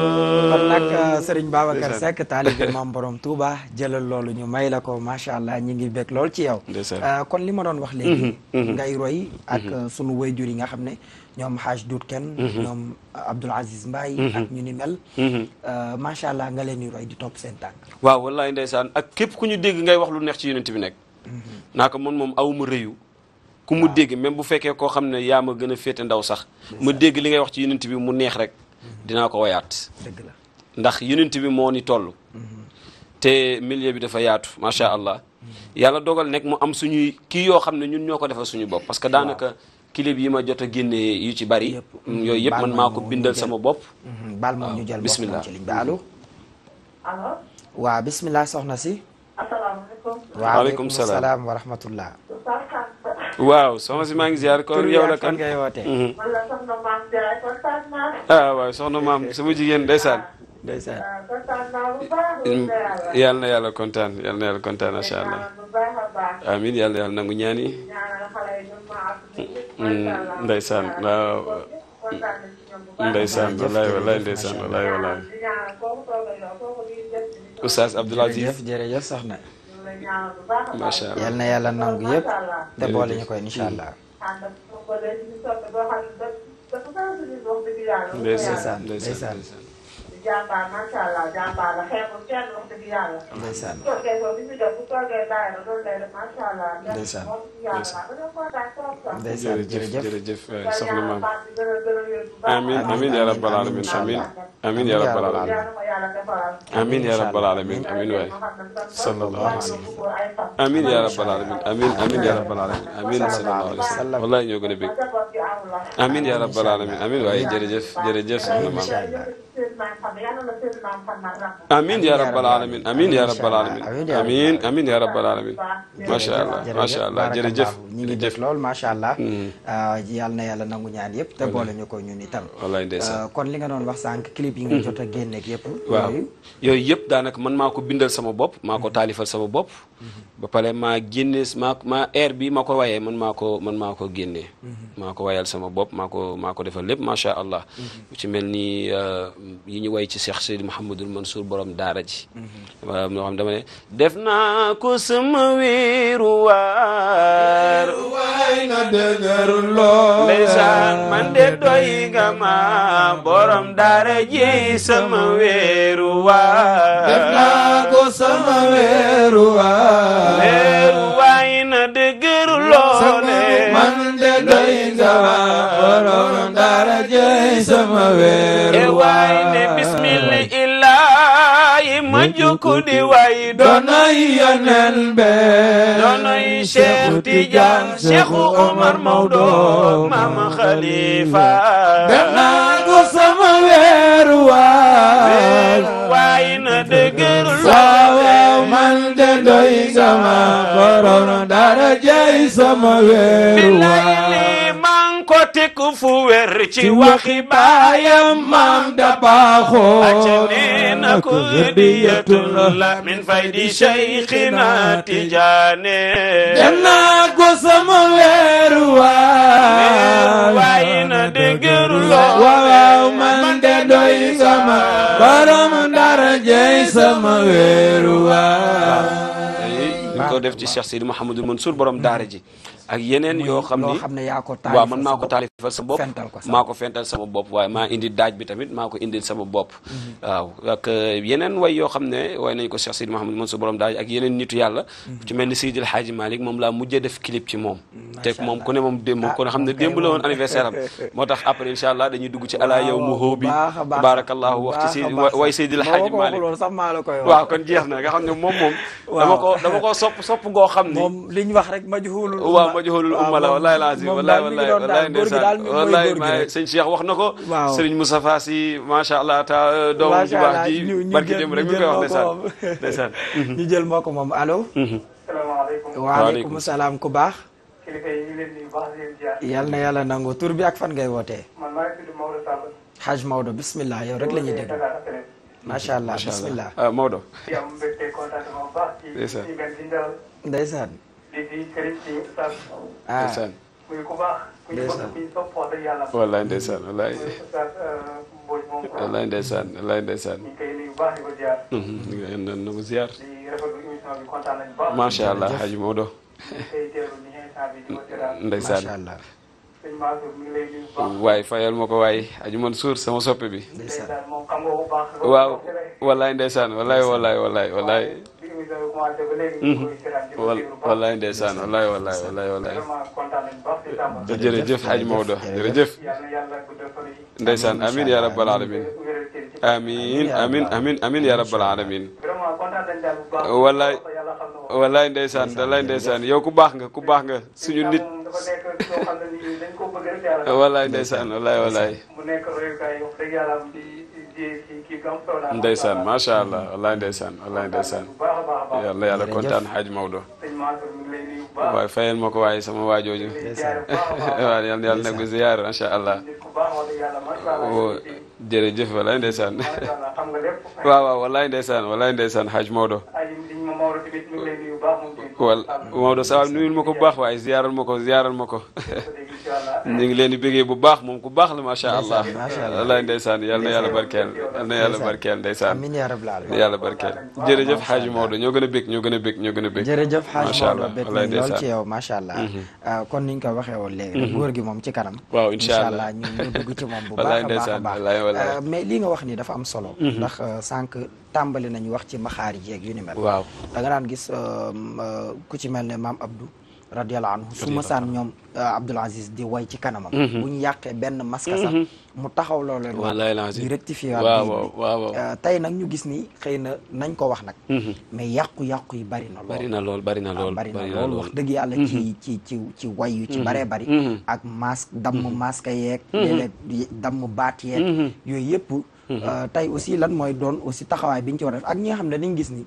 kon nag euh, Serigne Babacar Seck taalibe maam borom Touba jëlal loolu ñu may la ko macha allah ñu ngi bég lool ci yow euh, kon li ma doon wax léegi mhm, mhm. ngay roy ak mhm. sunu wayjur yi nga xam ne ñoom Haaj Duut Kenn ñoom Abdoul Aziz Mbaye ak ñu ni mel euh, macha allah nga leen di roy di topp seen tànk waaw wallaay ndeysaan ak képp ku ñu dégg ngay wax lu neex ci yonent bi nekk naa ko man moom awuma rëyu ku mu dégg même bu fekkee koo xam ne yaa ma gën a féete ndaw sax ma dégg li ngay wax ci yonent bi mu neex rek dinaa ko woyaat dëgg la ndax yonent bi moo ni toll te milieu bi dafa yaatu macha allah yàlla dogal nekk mu am suñuy kii yoo xam ne ñun ñoo ko defal suñu bopp parce que daanaka clip yi ma jot a génne yu ci bari mm, yooyu yëpp man maa bindal sama bopp mm-hmm. baal moom ñu jël bismillah ci ligne bi allo allo waaw bismillah soxna si asalaamaaleykum waaleykum salaam wa rahmatullah maa ngi ziar kon yow la kan ngay wootee mm-hmm. ah waaw soxna maam sama jigéen ndeysaan ndeysaan ah, yal na yàlla kontaan yal na yàlla kontaan macha allah amiin yal na yàlla nangu ñaan yi mm, mm, ndeysaan waaw ndeysaan wallaay wallaay ndeysaan wallaay wallaay oustaz Abdoul Aziz jërëjëf jërëjëf soxna macha allah yal na yàlla nangu yëpp te boole ñu koy incha allah mm. jàmbaar macha allah jàmbaar la xeebul kenn wax dëgg yàlla. ndeysaan bu toogee ko bi mu def bu toogee bàyyi la loolu lay def macha allah. ndeysaan ndeysaan ndeysaan jërëjëf jërëjëf eh, soxna maam. amiin amiin yaa rabbal alamin amiin amiin yaa rabbal alamin amiin yaa rabbal alamin amiin waay. sallallahu alayhi wa sallam amiin yaa rabbal alamin amiin amiin yaa rabbal alamin amiin sallallahu alayhi wa sallam wallaay ñoo gën a bég amiin yaa rabbal alamin amiin waay jërëjëf jërëjëf soxna maam amiin ya rabbal alamin amiin yaa rabbal alamin amiin amiin yaa rabbal alamin macha allah macha allah jërëjëf ngi def lool macha allah hmm. ah, yal na yàlla nangu ñaan yëpp te boole ñu ko ñun itam wallaay ah, kon li nga doon wax sànq clip yi nga hmm. jot a génneeg yëpp waaw yooyu yëpp daanaka mën maa ko bindal sama bopp maa ko taalifal sama bopp hmm. ba pare maa génne maa ma air ma ko wayee man maa ko man maa ko génnee mhm. maa ko wayal sama bopp maa ko maa ko defal lépp macha mhm. ci mel ni euh, yi ñu way ci Cheikh Seydou Mouhamadul Mansour borom daara ji dama mhm. xam dama ne def naa ko sama wéeru dëgër loo ndeysaan man de doy nga borom daara ji sama weeru waay def ko sama weeru waay weeru dëgër loo ne de doy nga borom daara ji sama weeru e ma jukku di way doonoy yoneen be doonoy Cheikh Tidiane Cheikh Omar Maodo Mama Khalifa def naa ko sama weeru waay waay na dëgër waaw man de doy sama dara jay sama weeru waay kotiku fu wér ci waxi baayam maam da baaxoo acenena ku rdiyatun la min faydi cheikhina tijaane janna ko sama weeru waay na dëgëru loo waaw man de doy sama borom darajey sama weeru waay ñu ko def ci Cheikh Sidi Mouhamadou Mansour borom daara ji ak yeneen yoo xam ni xam ne yaa ko taalifal waaw man maa ko taalifal sa bopp fental ko maa ko fental sama bopp waaye maa indi daaj bi tamit maa ko indil sama bopp mhm. waaw ak euh, yeneen way yoo xam ne way nañ ko Cheikh Sidi Mouhamed Mansour borom daaj ak yeneen nitu yàlla mhm. ci mel ni Seydil Hadji Malick moom laa mujjee def clip ci moom te moom ku ne moom démb ah, ku ne xam ne démb la woon anniversaire am moo tax après incha allah dañuy dugg ci ala yow mu hóobi barakallahu wax ci si way Seydil Hadji Malick waaw kon jeex na nga xam ne moom moom dama ko dama ko sopp sopp goo xam ni moom liñ wax rek majhulul wajhul umma wallahi lazim wallahi wallahi wallahi ndeysaan wallahi wax na ko waaw sëriñ Moustapha Sy allah ta euh, doomam ju ji barki dem rek mi koy wax ndeysaan ndeysaan ñu jël moo ko moom allo mhm. salaamaaleykum waaleykum salaam ku baax yal na yàlla nangu tur ak fan ngay wootee Haj Maodo bismillah yow rek la ñuy dégg allah bismillah ah, Maodo di di Serigne si Oustaz. ah ndeysaan. muy ku baax. ndeysaan muy sopp wax dëgg yàlla. wallaay ndeysaan wallaay. muy Oustaz Mbodj moom. wallaay fayal ma ko waay aju man suur sama soppe bi waaw wallaay ndeysaan wallaay wallaay wallaay wallaay ndeysaan wallaay wallaay wallaay wallaay jërëjëf Hadj Maodo jërëjëf ndeysaan amin ya rabbal alamin amin amin amin amin ya rabbal ndeysaan yow ku baax nga ku baax nga suñu nit wallaay ndeysaan wallaay wallaay ndeysaan macha allah wallaay ndeysaan wallaay ndeysaan yàlla yàlla kontaan xaaj Maodo waaye fayal ma ko waaye sama waajooju waaw yàlla yàlla na ko ziyaar macha allah oh, jërëjëf wallaay ndeysaan waaw waaw wallaay ndeysaan wallaay ndeysaan xaaj Maodo ma Maodo tamit nuyu bu baax sa nuyul ma ko bu baax waaye ziyaaral ma ko ziyaaral ma ko. ñu ngi leen di bu baax moom ku baax la macha allah. macha allah walaay ndeysaan yal na yàlla barkeel yal na yàlla barkeel ndeysaan. amiin yaa rabbal yàlla barkeel. jërëjëf xaaji Maodo ñoo gën a bëgg ñoo gën a bëgg ñoo gën a bëgg. jërëjëf xaaji Maodo bëgg nañ lool ci yow macha allah. Mhm. Ah, kon ni ñu ko waxee woon léegi rek mhm. gi moom ci kanam. waaw incha allah ñu dugg ci moom bu baax a baax ah, mais li nga wax ni dafa am solo mhm. ndax ah, sànq tàmbali nañu wax ci maxaari jeeg yu ni mel. waaw da nga daan gis euh, euh, ku ci mel ne maam Abdou. radiyallahu anhu su ma ñoom euh, Abdoul Aziz di way ci kanamam. Mhm. bu ñu yàqee benn masque sax. Mhm. mu taxaw loolu leen. wallaay la di rectifier waaw waaw tey nag ñu gis ni xëy na nañ ko wax nag. Mhm. mais yàqu-yàqu yi bari na lool. na lool bari na lool bari na lool ah, wax dëgg yàlla. ci ci ci ci way ci baree bari. ak masque damm masque yeeg. léeg-léeg damm baat yeeg. yooyu yëpp. Mm-hmm. Euh, tey aussi lan mooy doon aussi taxawaay bi ñu ci war ak ñi nga xam ne dañu gis ni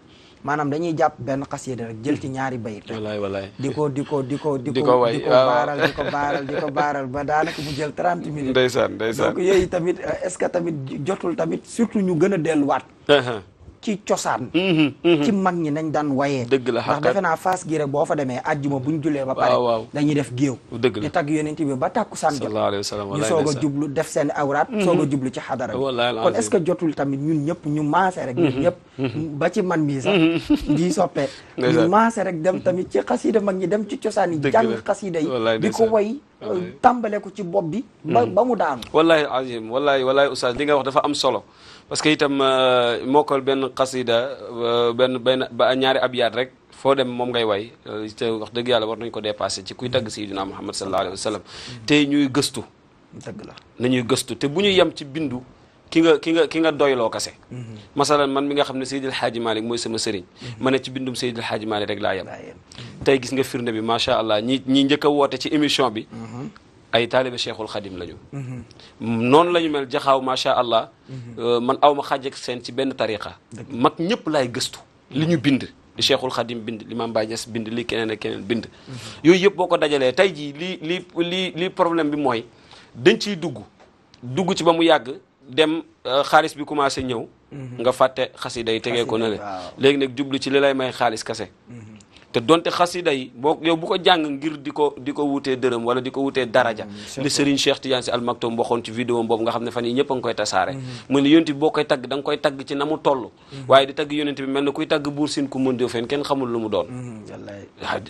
maanaam dañuy jàpp benn xasida rek jël ci ñaari bayit rek wallaay wallaay di ko di ko di ko di ko di ko baaral di ko baaral di ko baaral ba daanaka mu jël trente minutes ndeysaan ndeysaan donc yooyu tamit euh, est-ce que tamit jotul tamit surtout ñu gën a delluwaat uh-huh. ci cosaan mhm, mhm. ci mag ñi nañ daan wayee dëgg la ndax defe naa faas gi rek boo fa demee àjjuma buñ jullee ba pare dañuy def géew dëgg la di tagg yonent bi ba tàkkusaan jot ñu soog a jublu def seen awraat mhm. soog a jublu ci xadara bi kon est-ce que jotul tamit ñun ñëpp ñu maase rek ñun ñëpp ba ci man mii sax di soppee ñu maase rek dem tamit ci xasida mag ñi dem ci cosaan yi jàng xasida yi di ko way tàmbale ko ci bopp bi ba ba mu daanu wallahi azim wallahi wallahi oustaz li nga wax dafa am solo parce que itam euh, mokkal benn xasida euh, benn benn ba ñaari abyaat rek foo dem moom ngay way euh, te wax dëgg yàlla war nañ ko dépassé ci kuy tagg sayyidina Muhammad sallallahu alayhi wa sallam tey ñuy gëstu dëgg la nañuy gëstu te bu ñu yem ci bindu ki nga ki nga ki nga doyloo kase mhm. masalan man mi nga xam ne Seydil Hadji Malick mooy sama sëriñ mhm. ma ne ci bindum Seydil Hadji Malick rek laa yem tey gis nga firnde bi macha allah ñi ñi njëkk a woote ci émission bi mhm. ay taalibe cheikhul xadim lañu. Mhm. noonu lañu mel jaxaaw macha allah. Mhm. Euh, man aw ma seen ci benn tariqa. mag ñëpp laay gëstu. li ñu bind li cheikhul xadim bind li Mame Baye bind li keneen ak keneen bind. Mhm. yooyu yëpp boo ko dajalee tey jii li li li li problème bi mooy dañ ciy dugg dugg ci ba mu yàgg dem euh, xaalis bi commencé ñëw. nga fàtte xasida yi tegee ko na le léegi nag jublu ci li lay may xaalis kase. te donte xasida yi boo yow bu ko jàng ngir di ko di ko wutee dërëm wala di ko wutee daraja mm-hmm. li Serigne Cheikh Tidiane Sy Al Maktoum waxoon ci vidéo boobu nga xam ne fan yi ñëpp a koy tasaare mm-hmm. mu ne yonent boo koy tagg da nga koy tagg ci namu mu toll mm-hmm. waaye di tagg yonent bi mel na kuy tagg buur sin ku mën doo fen kenn lu mu doon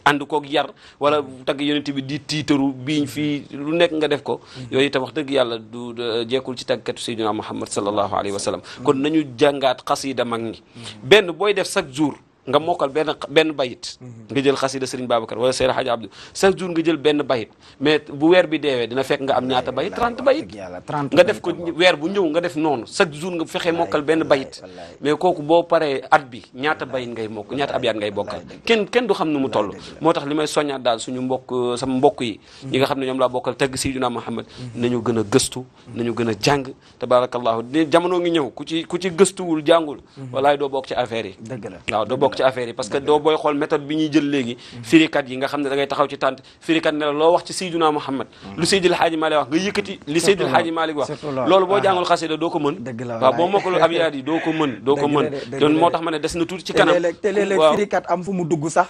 ànd koog yar wala tagg yonent bi di tiitaru biiñ fii lu nekk nga def ko yooyu itam wax dëgg yàlla du jekkul ci tàggkatu Seydina Muhammad sallallahu alayhi wa sallam kon nañu jàngaat xasida mag ñi benn booy def chaque jour nga mokkal benn benn bayit mhm. nga jël xasida Serigne Babacar wala Seydou Hadj Abdou chaque jour nga jël benn bayit mais bu weer bi deewee dina fekk nga am ñaata bayit 30 bayit nga def ko weer bu ñëw nga def noonu chaque jour nga fexee mokkal benn bayit mais kooku boo paree at bi ñaata bayit ngay mokk ñaata abyaat ngay bokkal kenn kenn du xam nu mu toll moo tax li may soññaat daal suñu mbokk euh, sama mbokk yi mhm. ñi nga xam ne ñoom laa bokkal tëgg Seydina Muhammad mhm. nañu gën a gëstu nañu gën a jàng tabarakallahu jamono ngi ñëw ku ci ku ci gëstuwul jàngul walaay doo bokk ci affaire yi bokk ci affaire yi parce que doo booy xool méthode bi ñuy jël léegi mm-hmm. firikat yi nga xam ne da ngay taxaw ci tànt firikat ne la loo wax ci Seydina Muhammad mm-hmm. lu Seydil Haaji Malik wax nga yëkkati li Seydil Haaji Malik wax loolu boo ah. jàngul xasida doo ko mën waaw boo mokkalul abiyaat yi doo ko mën doo ko mën don moo tax ma ne des na tuuti ci kanam te léeg-léeg firikat am fu mu dugg sax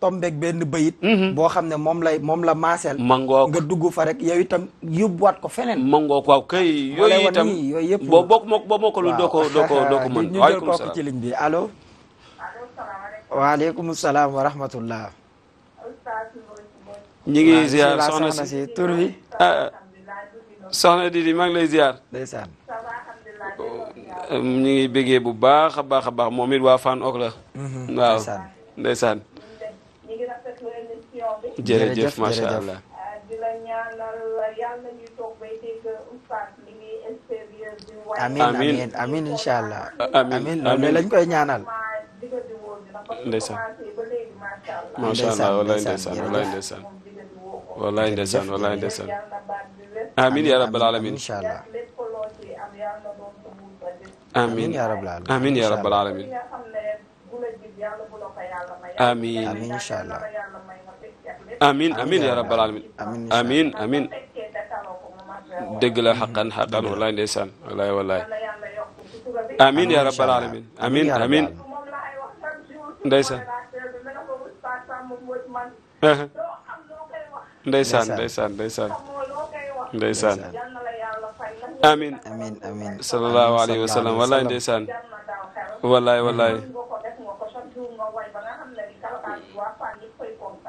tombeeg benn bayit mm-hmm. boo xam ne moom lay moom la maaseel mangook nga dugg fa rek yow itam yóbbuwaat ko feneen mangook waaw kay yooyu itam yooyu yëpp boo bokk moo boo mokkalul doo ko doo ko doo ko mën ñu jël kooku ci ligne bi allo waaleykum salaam wa rahmatullah ñu ngi ziar soxna si tur ah, ah. soxna Didi maa ngi lay ziar. ndeysaan. ñu ngi bu baax a baax a baax moom it ok la. Mhm, waaw ndeysaan. jërëjëf allah. amiin amiin amiin incha allah. amiin koy ñaanal. ndeysaan macha allah walaay ndeysaan walaay ndeysaan walaay ndeysaan walaay ndeysaan amin ya rabbal alamin incha allah amin amin ya rabbal alamin amin incha allah amin amin ya rabbal alamin amin amin dëgg la xaqan xaqan walaay ndeysaan walaay walaay amin ya rabbal alamin amin amin ndeysaan ndeysaan ndeysaan ndeysaan ndeysaan amin amin amin sallallahu alayhi wa sallam wallaay ndeysaan wallaay wallaay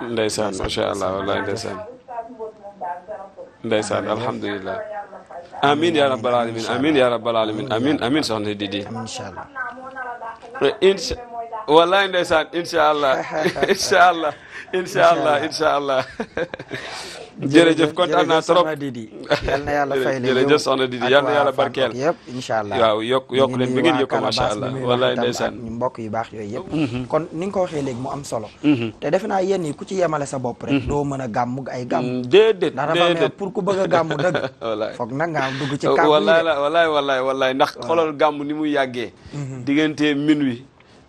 ndeysaan macha allah wallaay ndeysaan ndeysaan alhamdulilah ya rabbal alamin amin ya rabbal alamin amin soxna Didi wallaay ndeysaan incha allah incha allah incha allah incha allah jërëjëf kontaan naa trop yal na yàlla fay leen jërëjëf soxna Didi yal na yàlla barkeel yëpp incha allah waaw yokk yokk leen bi ngeen yokk macha allah wallaay ndeysaan mbokk yu yooyu yëpp mm-hmm. kon ni nga ko waxee léegi mu am solo mm-hmm. te defe naa yéen yi ku ci yemale sa bopp rek mm-hmm. doo mën a gàmm ay gàmm mm, déedéet ndax dafa pour ku bëgg a gàmm dëgg wallaay foog nag nga dugg ci kàmm wallaay wallaay wallaay wallaay ndax xolal gàmm ni muy yàggee diggante minuit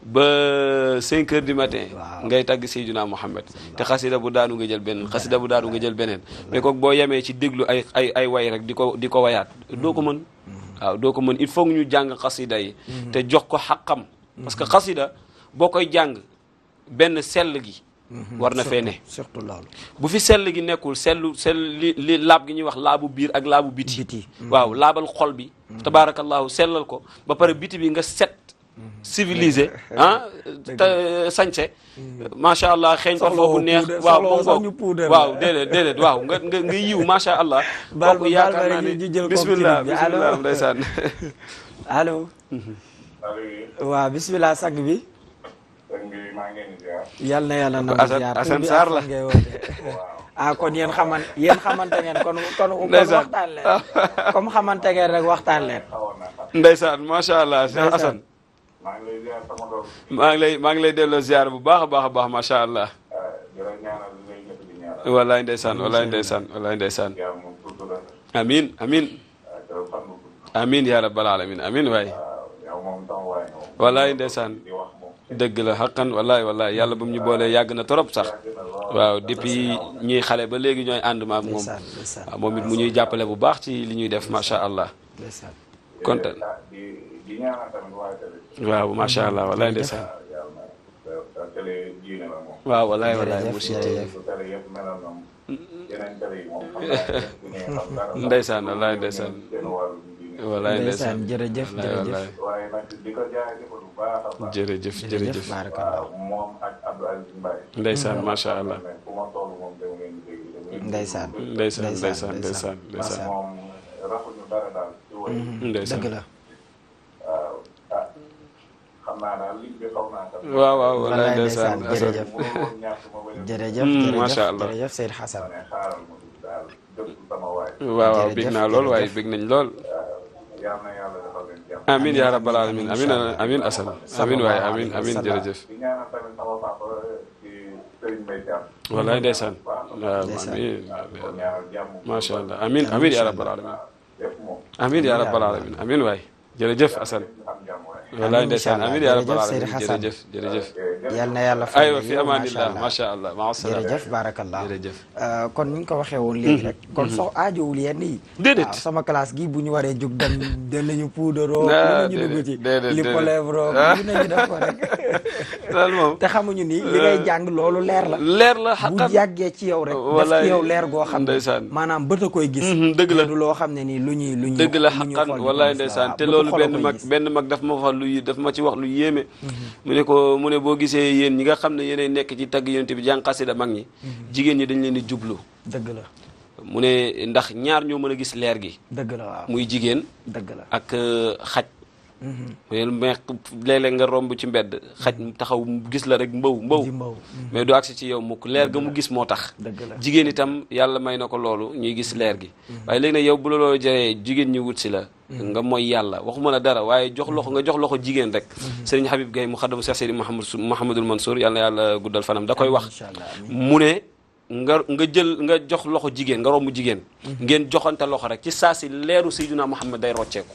ba 5 heures du matin. ngay tagg Seydina Mohamed. te xasida bu daanu nga jël beneen xasida bu daanu nga jël beneen. mais kooku boo yemee ci déglu ay ay way rek di ko di ko wayaat mm-hmm. doo ko mën. Mm-hmm. doo ko il faut ñu jàng xasida yi. Mm-hmm. te jox ko xaqam. parce que xasida boo koy jàng benn sell gi. war na fee ne surtout loolu bu fi sell gi nekkul sellu sell li li laab gi ñuy wax laabu biir ak laabu biti. waaw laabal xol bi. tabaarakallahu sellal ko ba pare biti bi nga set. Mhm. civilisé ah euh, sañse mhm. macha allah xeeñ ko foofu neex waaw bo ngoog waaw déedéet déedéet nga yiw macha allah kooku yaakaar naa ne bismillah bismillah ndeysaan mhm. allo waaw sag bi yal na yàlla nangu ziar Assane Sarr la ngay woote ah kon yéen xaman yéen xamante ngeen kon kon waxtaan leen comme xamante rek waxtaan leen ndeysaan macha allah Cheikh Assane maa ngi lay ziar sama maa ngi lay delloo ziar bu baax a baax a baax macha allah. wallaay ndeysaan wallaay ndeysaan wallaay ndeysaan. amiin amiin. amiin yaa rabbal alamin amiin waay. wallaay ndeysaan. dëgg la xaqan wallaay wallaay yàlla ba mu ñu boolee yàgg na trop sax. waaw depuis ñuy xale ba léegi ñooy ànd ma moom. mu ñuy jàppale bu baax ci li ñuy def macha allah. kontaan. waaw macha allah walaay ndeysaan. waaw walaay walaay mu siitee. ndeysaan walaay ndeysaan. walaay ndeysaan jërëjëf jërëjëf ndeysaan macha allah ndeysaan ndeysaan ndeysaan ndeysaan ndeysaan dëgg la xam naa naa waaw waaw walaay ndeysaan jërëjëf jërëjëf macha Seyd Xasan. waaw waaw bég naa lool waaye bég nañ lool. amin yaa rabbal alamin amin amin asan amin waaye amin amin jërëjëf. walaay ndeysaan waaw amin macha allah amin amin yaa rabbal amin yaa rabbal alamin amin waaye jërëjëf asan wallaay ndeysaan amiin yaa rabbal aalamiin jërëjëf jërëjëf yal na yàlla fa aywa fi amaanillah macha allah macha allah jërëjëf baarakallah jërëjëf euh, kon ni ñu ko waxee woon léegi rek kon mhm. so aajo wul yi déedéet waaw sama classe gi bu ñu waree jug dem danañu puudaroo dinañu dugg ci li polèvre dinañu def ko rek daal moom te xamuñu ni li jàng loolu leer la leer la bu yàggee ci yow rek def yow leer goo xam ne maanaam bët koy gis mhm, dëgg la loo xam ne nii lu ñuy lu ñuy dëgg la xaqan wallaay ndeysaan te loolu benn mag benn mag daf ma wax lu daf ma ci wax lu yéeme mhm. mu ne boo gis gisee yéen ñi nga xam ne yéenay nekk ci tagg yonent bi jàng xasida mag ñi mhm. jigéen ñi dañ leen di jublu dëgg la mu ne ndax ñaar ñoo mën a gis leer gi dëgg la waaw muy jigéen dëgg la ak euh, xaj mais mais léeg-léeg nga romb ci mbedd xaj taxaw gis la rek mbaw mbaw mm. mais du agsi ci yow mukk leer ga mu gis moo tax jigéen itam yàlla may na ko loolu ñuy gis leer gi mm. waaye léegi nag yow bu la loolu jëree jigéen ñi wut si la mm. nga mooy yàlla waxuma la dara waaye jox loxo nga jox loxo jigéen rek mm-hmm. sëriñ Habib Gaye mu xaddamu Cheikh Seydi Mahamad Mahamadul Mansour yàlla yàlla guddal fanam da koy wax mu ne nga nga jël nga jox loxo jigéen nga romb jigéen mm-hmm. ngeen joxante loxo rek ci saa si leeru Seydina Muhammad day rocceeku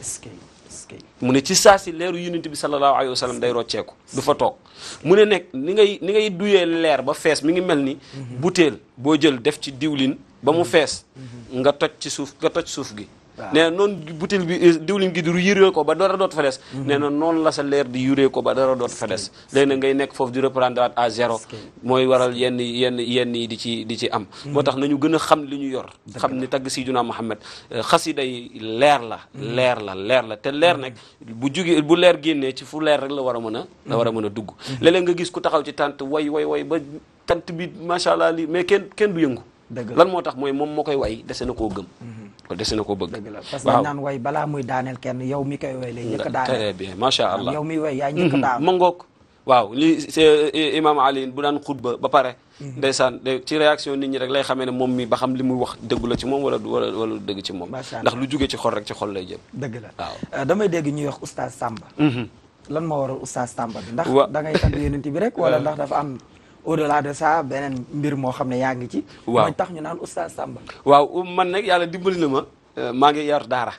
mu ne ci saa si leeru yonent bi sallallahu alayhi wa sallam day rocceeku du fa toog mu ne nekk ni ngay ni ngay duye leer ba fees mi ngi mel ni mhm. butéel boo jël def ci diwlin ba mu fees mhm. nga toj ci suuf nga toj suuf gi nee na noonu butéel bi eh, diwlin gi di yuree ko ba dara doot fa des mhm. nee na noonu la sa leer di yure ko ba dara doot fa des léegi ngay nekk foofu di reprendre à zéro mooy waral yenn yenn yenn yi di ci di ci am mhm. moo tax nañu gën a xam li ñu yor xam ni tagg Seydina Muhammad eh, xasida yi leer la mhm. leer la leer la te leer nag bu jugee bu leer génnee ci fu leer rek la war a mën a la war a mën a dugg léeg nga gis ku taxaw ci tànt way way way ba tant bi macha allah li mais kenn kenn du yëngu lan moo tax mooy moom moo koy way dese na koo gëm. Mhm. kon dese na koo bëgg. dëgg la parce que dañ naan way balaa muy daaneel kenn yow mi koy way lay njëkk daaneel très bien macha allah yow mi way yaa njëkk mhm. waaw euh, imam Ali bu daan xutba ba pare. Mhm. ndeysaan ci réaction nit ñi rek lay xamee ne moom mi ba xam li muy wax dëgg ci moom wala dëgg ci moom. ndax lu jugee ci xol rek ci xol lay jëm. dëgg la waaw euh, damay dégg ñuy wax lan moo waral oustaz Samba bi. da ngay tagg yonent bi rek wala euh. ndax dafa am. au-delà de beneen mbir moo xam ne yaa ngi ci. waaw tax ñu naan oustaz Samba. waaw man nag yàlla dimbali na ma euh, maa ngi yor daara.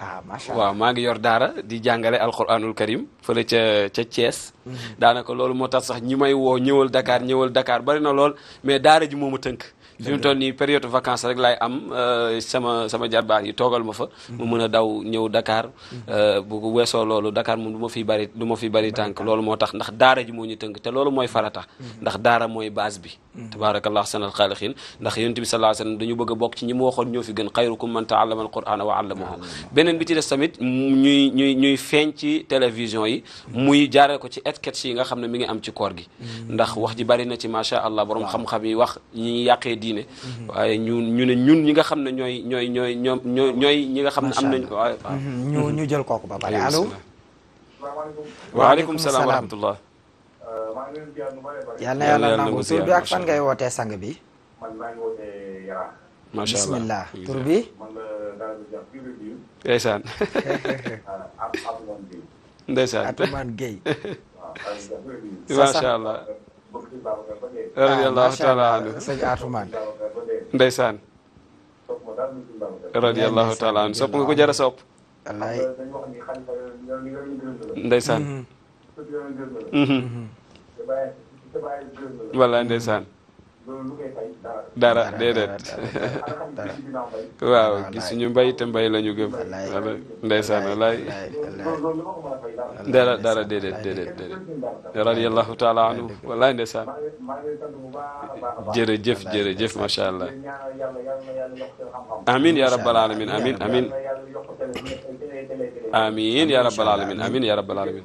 ah macha maa ngi yor daara di jàngale alquranul karim fële ca ca Thiès. Mhm. daanaka loolu moo tax sax ñi may woo ñëwal Dakar ñëwal dakaar bari na lool mais daara ji moo ma tënk. fi mu toll nii période vacances rek laay am euh, sama sama jarbaar yi toogal ma fa mm-hmm. mu mën a daw ñëw Dakar mm-hmm. euh, bu weesoo loolu Dakar moom du ma fi bari du ma fi bari tànk loolu moo tax ndax daara ji moo ñu tënk te loolu mooy farata mm-hmm. ndax daara mooy base bi tabaarakallah sanal xaalixiin ndax yonent bi sallallahu alayhi wasallam dañu bëgg a bokk ci ñi mu waxoon ñoo fi gën xayrukum man taallama alqur'ana wa allamahu beneen bi ci des tamit ñuy ñuy ñuy feeñ ci television yi muy jaaree ko ci sketch yi nga xam ne mi ngi am ci koor gi ndax wax ji bari na ci xam yi wax ñi yàqee diine waaye ñu ñu ne ñun ñi nga xam ne ñooy ñooy ñooy ñoom ñooy ñooy ñi nga xam ne am nañu waaw ñu ñu jël kooku ba pare allo waaleykum salaam wa rahmatullah yàlla na yàlla nangu tur bi ak fan ngay wootee sang bi macha allah bismillah tur bi ndeysaan ndeysaan Atoumane Gueye macha allah radiyallahu ah, taala anhu sëñ Atumaan ndeysaan radiyallahu taala anhu sopp nga ko jara sopp wallaay ndeysaan mm-hmm. Mm-hmm. wallaay dara déedéet waaw gisuñu mbay te mbay lañu gëm ndeysaan wallaay dara dara déedéet déedéet déedéet radiyallahu taala anhu wallaay ndeysaan jërëjëf jërëjëf macha allah amin ya rabbal alamin amin amin ya rabbal alamin amin ya rabbal alamin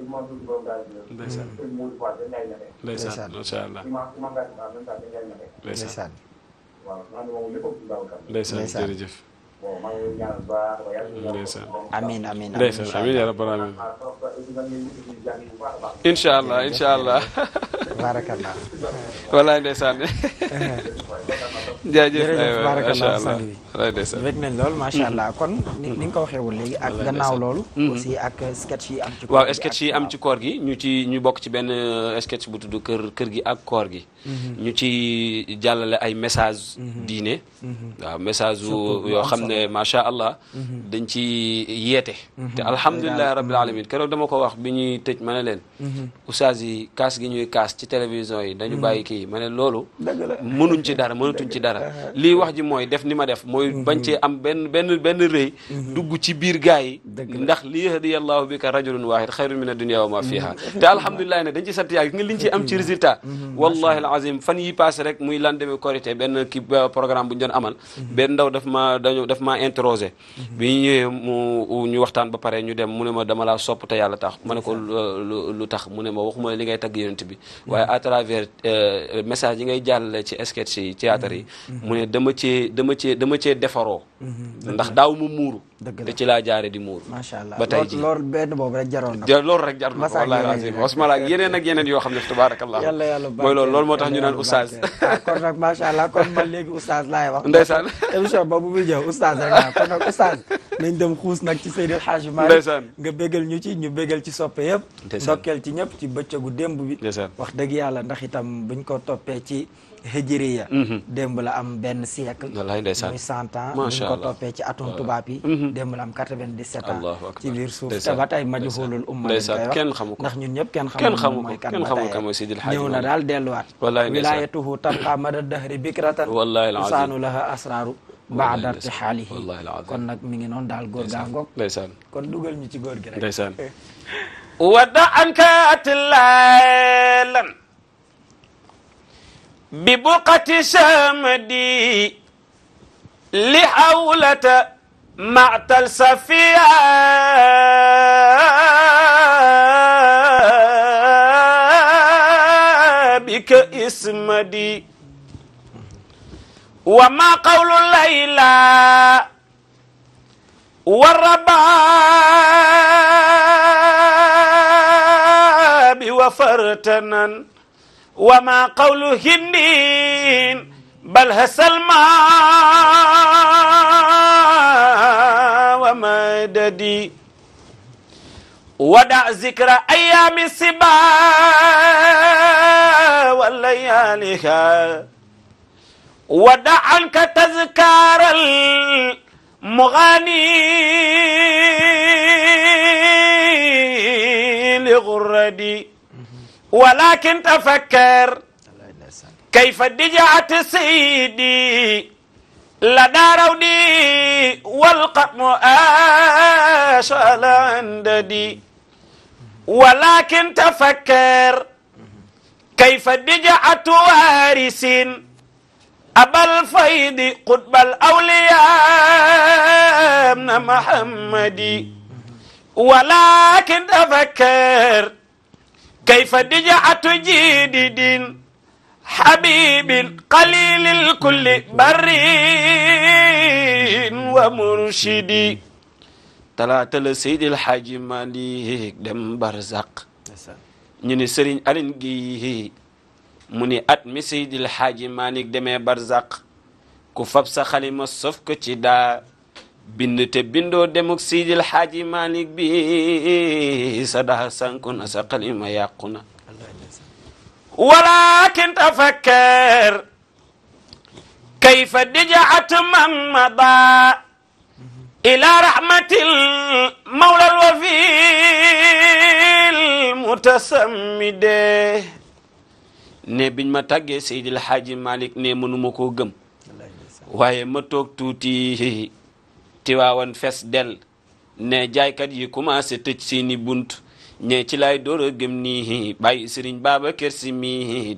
Ousmane Sonko borom daal di ndeysaan Modou Fall da Ndiaye Ndiaye ndeysaan macha allah allah incha allah jaajëf macha allah nañ lool macha allah mm-hmm. kon ni ko waxee woon léegi ak gannaaw loolu mm-hmm. aussi ak sketch yi am ci waaw am ci koor gi ñu ci ñu bokk ci benn euh, sketch bu tudd kër kër gi ak koor gi mm-hmm. ñu ci jàllale ay message diine waaw message yoo xam ne macha allah dañ ci yeete te alhamdulilahi rabbil alamin keroog dama ko wax bi ñuy tëj ma ne leen oustaz yi kaas gi ñuy kaas ci télévision yi dañu bàyyi ma ne loolu mënuñ ci dara dara mënatuñ ci dara lii wax ji mooy def ni ma def mooy mhm. bañ cee am benn benn benn rëy mhm. dugg ci biir gaa yi ndax lii hadiyallahu bika rajulun wahid xayrun min ad-dunya wa ma mhm. fiha te alhamdulilahi ne dañ ci sant yàlla gi nga liñ ci am ci résultat wallahi alazim fan yi passé rek muy lendemain korité benn ki programme bu ñu doon amal benn ndaw daf ma dañu daf ma interrogé bi ñëwee mu ñu waxtaan ba pare ñu dem mu ne ma dama laa sopp te yàlla tax ma ne ko lu tax mu ne ma wax waxuma li ngay tagg yonent bi waaye à travers euh, message yi ngay jàllale ci sketch yi théâtre yi mm-hmm. mu ne dama cee dama cee dama cee mm-hmm. ndax daaw ma muuru te ci laa jaare di muuru macha allah ba tey ji loolu benn boobu rek jaroon na loolu rek ma na ko wallahi azim ak yeneen ak yeneen yoo xam ne tabarakallah yàlla yàlla mooy loolu loolu moo tax ñu naan oustaz ah, kon nag macha allah kon man léegi oustaz laay wax ndeysaan émission dem xuus nag ci Seydil Hadji Malick ndeysaan nga bégal ñu ci ñu bégal ci soppe yëpp ndokkeel ci ñëpp ci bëccëgu démb bi wax dëgg yàlla ndax itam buñ ko toppee ci hijriya mm-hmm. démb la am benn siècle muy cent ans buñ ko toppee ci atum tubaab yi mm-hmm. démb la am quatre-vingt-dix-sept ans ci biir suuf te ba tey majhulul umma kenn xamu ko ndax ñun ñëpp kenn xamu mooy kan ba tey ñëw na daal delluwaat wilaayatuhu tabqa mada dahri bikratan usaanu laha asraaru baada irtixaalihi kon nag mi ngi noonu daal góor gaa ngoog kon dugal ñu ci góor gi rek wada an kaati laylan ببقعة شمدي لحولة معت الصفية بك اسمدي وما قول الليلى والرباب وفرتنا wa ma qawlu hindin bal hasalma wa madadi wada zikra ayami siba wa layaliha wada anka tazkaral mughani li ghurradi ولكن تفكر كيف دجعت سيدي لدى رودي والقم آشال عنددي ولكن تفكر كيف دجعت وارث أبا الفيض قطب الأولياء ابن محمد ولكن تفكر كيف دجعت جيد حبيب قليل الكل برين ومرشدي talaata la Seydil Hadji Malick dem Barzak ñu ne Serigne Aline Guèye mu ni at mi Seydil Hadji Malick demee Barzak ku fab sa xalima sof ci daa bind te bindoo demuk siidil xaaji malik bi sa daha sa xalima yàqu na walakin tafakkar dijaat man mada ila rahmatil mawlal wafil mutasammide ne biñ ma tàggee seydil xaaji malik ne mënuma koo gëm waaye ma toog tuuti tiwaawan fes del ne jaaykat yi commencé tëj seeni bunt ñe ci laay door a ni nii bàyyi sëriñ Babacar si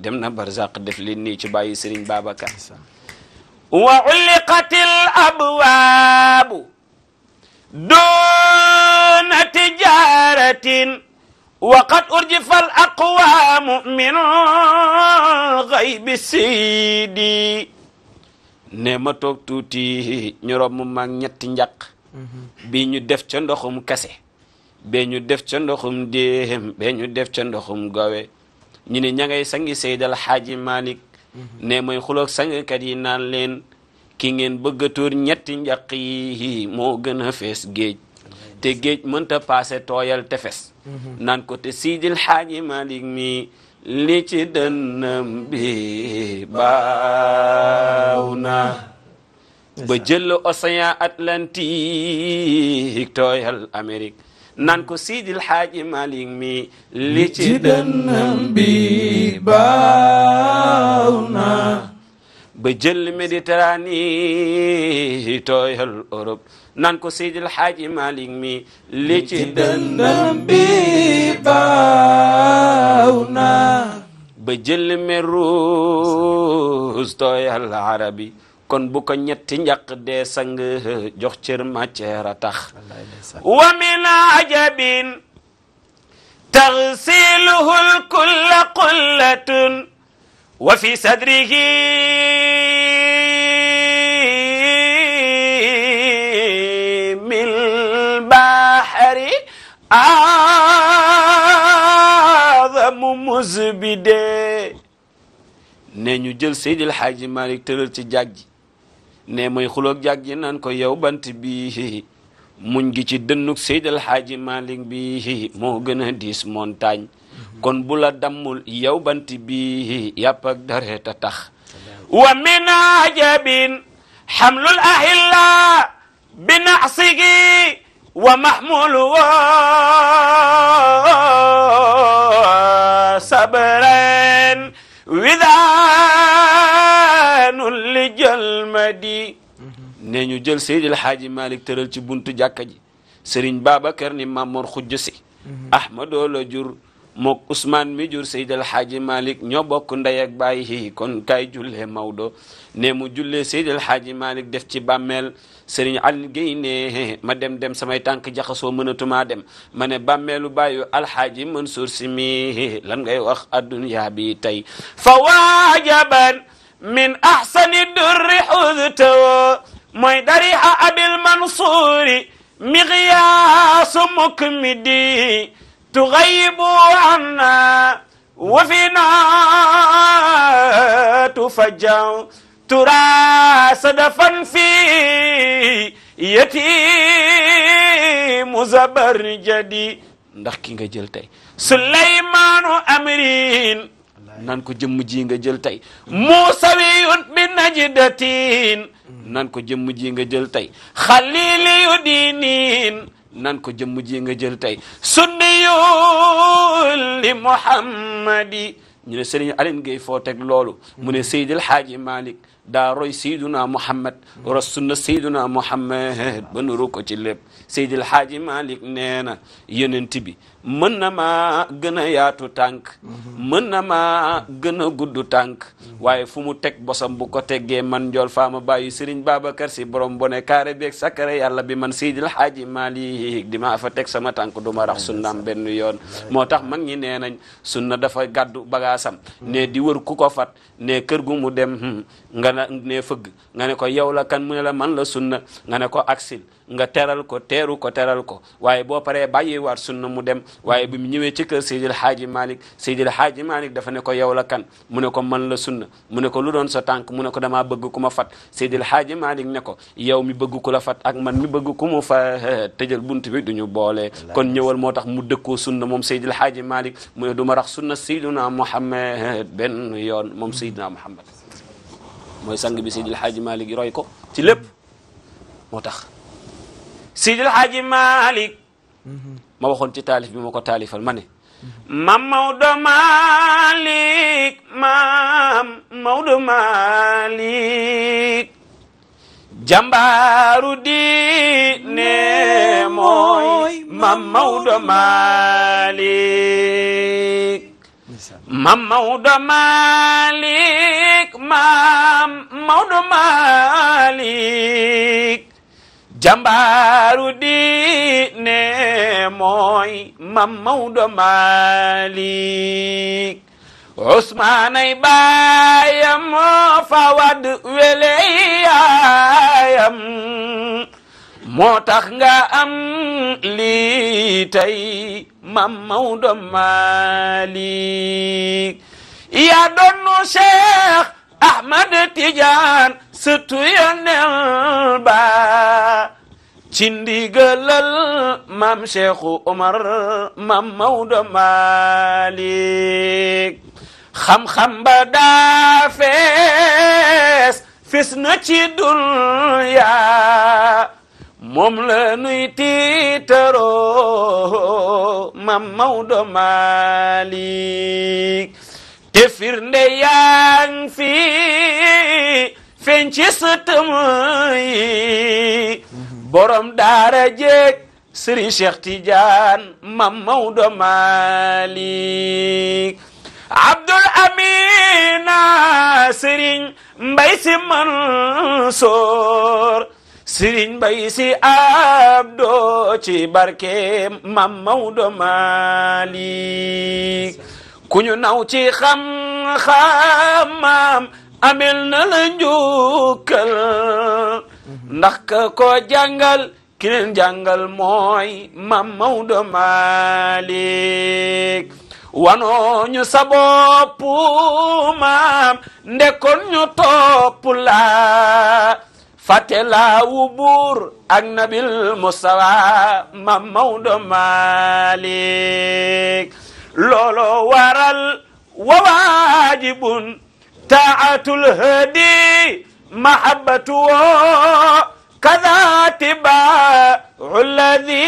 dem na barzaq def leen nii ci bàyyi sëriñ Babacar wa ulliqatil abwaabu doona tijaaratin waqad urjifal aqwaamu min ghaybi siidi ne ma toog tuuti ñu rob mu maag ñetti njaq bi ñu def ca ndoxum kase be ñu def ca ndoxum déem ñu def ca ndoxum gawe ñu ne ñangay ngay sangi seydal xaaji Malick ne mooy xuloog sangkat yi naan leen ki ngeen bëgg tuur ñetti njaq yi moo gën a fees géej te géej mënta paase tooyal tefes mhm. naan ko te siydil xaaji Malick mi li ci dënnam bi baaw na ba jël océan atlantique tooyal Amérique nan ko Sidil Haaji Malik mi li ci dënnam bi baaw na ba jël Méditerranée tooyal Europe naan ko Seydil Xaaji Malik mi li ci dëndam bi baaw na ba jël merus tooyal arabi kon bu ko ñetti njaq dee sang jox cër matière a tax wa min ajabin taxsiluhu lkulla qullatun wa fi sadrihi muus bi dee ne ñu jël Seydil Xaaji Malik tëral ci jàg ji ne mooy xuloog jàg ji ko yow bant bi muñ gi ci dënnug Seydil Xaaji Malik bi moo gën a diis montagne kon bu dammul yow bant bi yàpp ak dareet tax wa min ajabin xamlul ahilla bi naxsigi wa mahmulu صبرا ودان لجلمدي nee ñu jël Seydil Hadji Malick tëral ci buntu jàkka ji Serigne Babacar ni Mamor xujj si mhm. Ahmadoo la mook Ousmane mi jur Seydi El Hadji Malick ñoo bokk ndey ak bàyyi kon kaay jullee Maodo ne mu jullee Seydi El Hadji def ci bàmmeel Serigne Aliou Guèye ne ma dem dem samay tànk jaxasoo mënatumaa dem ma ne bàmmeelu bàyyu alxaaji Mansour si mi lan ngay wax addunyaa bi tey fa waajaban min ahsani durri xudtawoo mooy dariha abil mansuuri miqyaasu mukmidi تغيب عنا وفينا تفجع ترى صدفا في يتيم زبرجدي ndax ki nga jël tey suleymaanu amrin nan ko jëmm ji nga jël tey muusawiyun bi najdatin nan ko jëmm ji nga jël tey xaliliyu diinin nan ko jëmm ji nga jël tey sunniyul li muhammadi ñu ne Serigne Aline Gueye foo teg loolu mu ne Seydil Haaji Malick daa roy Seyduna Muhammad ras sunna Seyduna Muhammad ba nuru ko ci lépp Seydil Hadji Malick nee na yonent bi mën na maa gën a yaatu tànk mën na maa gën a gudd tànk waaye fu mu teg bosam bu ko teggee man njool faama bàyyi Serigne baaba si borom bone kaare beeg sakare yàlla bi man Seydil Hadji Malick di maa fa teg sama tànk du ma rax sunnaam benn yoon moo tax mag ñi nee nañ sunna dafa gàddu bagaasam ne di wër ku ko fat ne kër gu mu dem hmm, nga ne fëgg nga ne ko yow la kan mu ne la man la sunna nga ne ko aksil nga teral ko teeru ko teral ko waaye boo paree bàyyiwaat sunna mu dem waaye bi mu ñëwee ci kër Seydil Haaji Malick Seydil Haaji Malick dafa ne ko yow la mu ne ko man la sunna mu ne ko lu doon sa tànk mu ne ko damaa bëgg ku ma fat Seydil Haaji Malick ne ko yow mi bëgg ku la fat ak man mi bëgg ko mu fa tëjal bunt bi du ñu boole kon ñëwal moo tax mu dëkkoo sunna moom Seydil Haaji Malick mu ne du ma rax sunna Seydina Muhammad benn yoon moom Seydina Muhammad sang bi Seydil Haaji Malick roy ko ci lépp moo tax Sidil Hadji Malick ma waxoon taalif bi ma ko taalifal maam Maodo Malick maam Maodo Malick maam Maodo Malick jambaaru diine mooy mam Mawdo Malik Usmaanay yaayam moo tax nga am lii tey mam Mawdo Malik yaa Ahmad Tidiane surtout yonel ba ci ndigalal maam Cheikhu Omar maam Maodo Malick xam-xam ba daa fis na ci dunya moom la nuy tiitaroo maam Maodo Malick te firnde yaa ngi fi feeñ ci sëtëm borom daara jeeg Serigne Cheikh Tidiane Mam Maodo Malick Abdoul Amina Serigne Mbaye Sy Mansour Serigne Mbaye ci barke Mam Maodo Malick ku ñu naw ci xam-xamam amel na la ndax ka ko jàngal ki leen jàngal mooy mam Maodo Malick wanoo ñu sa maam ndekon ñu topp la fàtte laa wu buur ak nabil mustawa mam Maodo Malick taatul hadi mahabbatu kada tibau alladi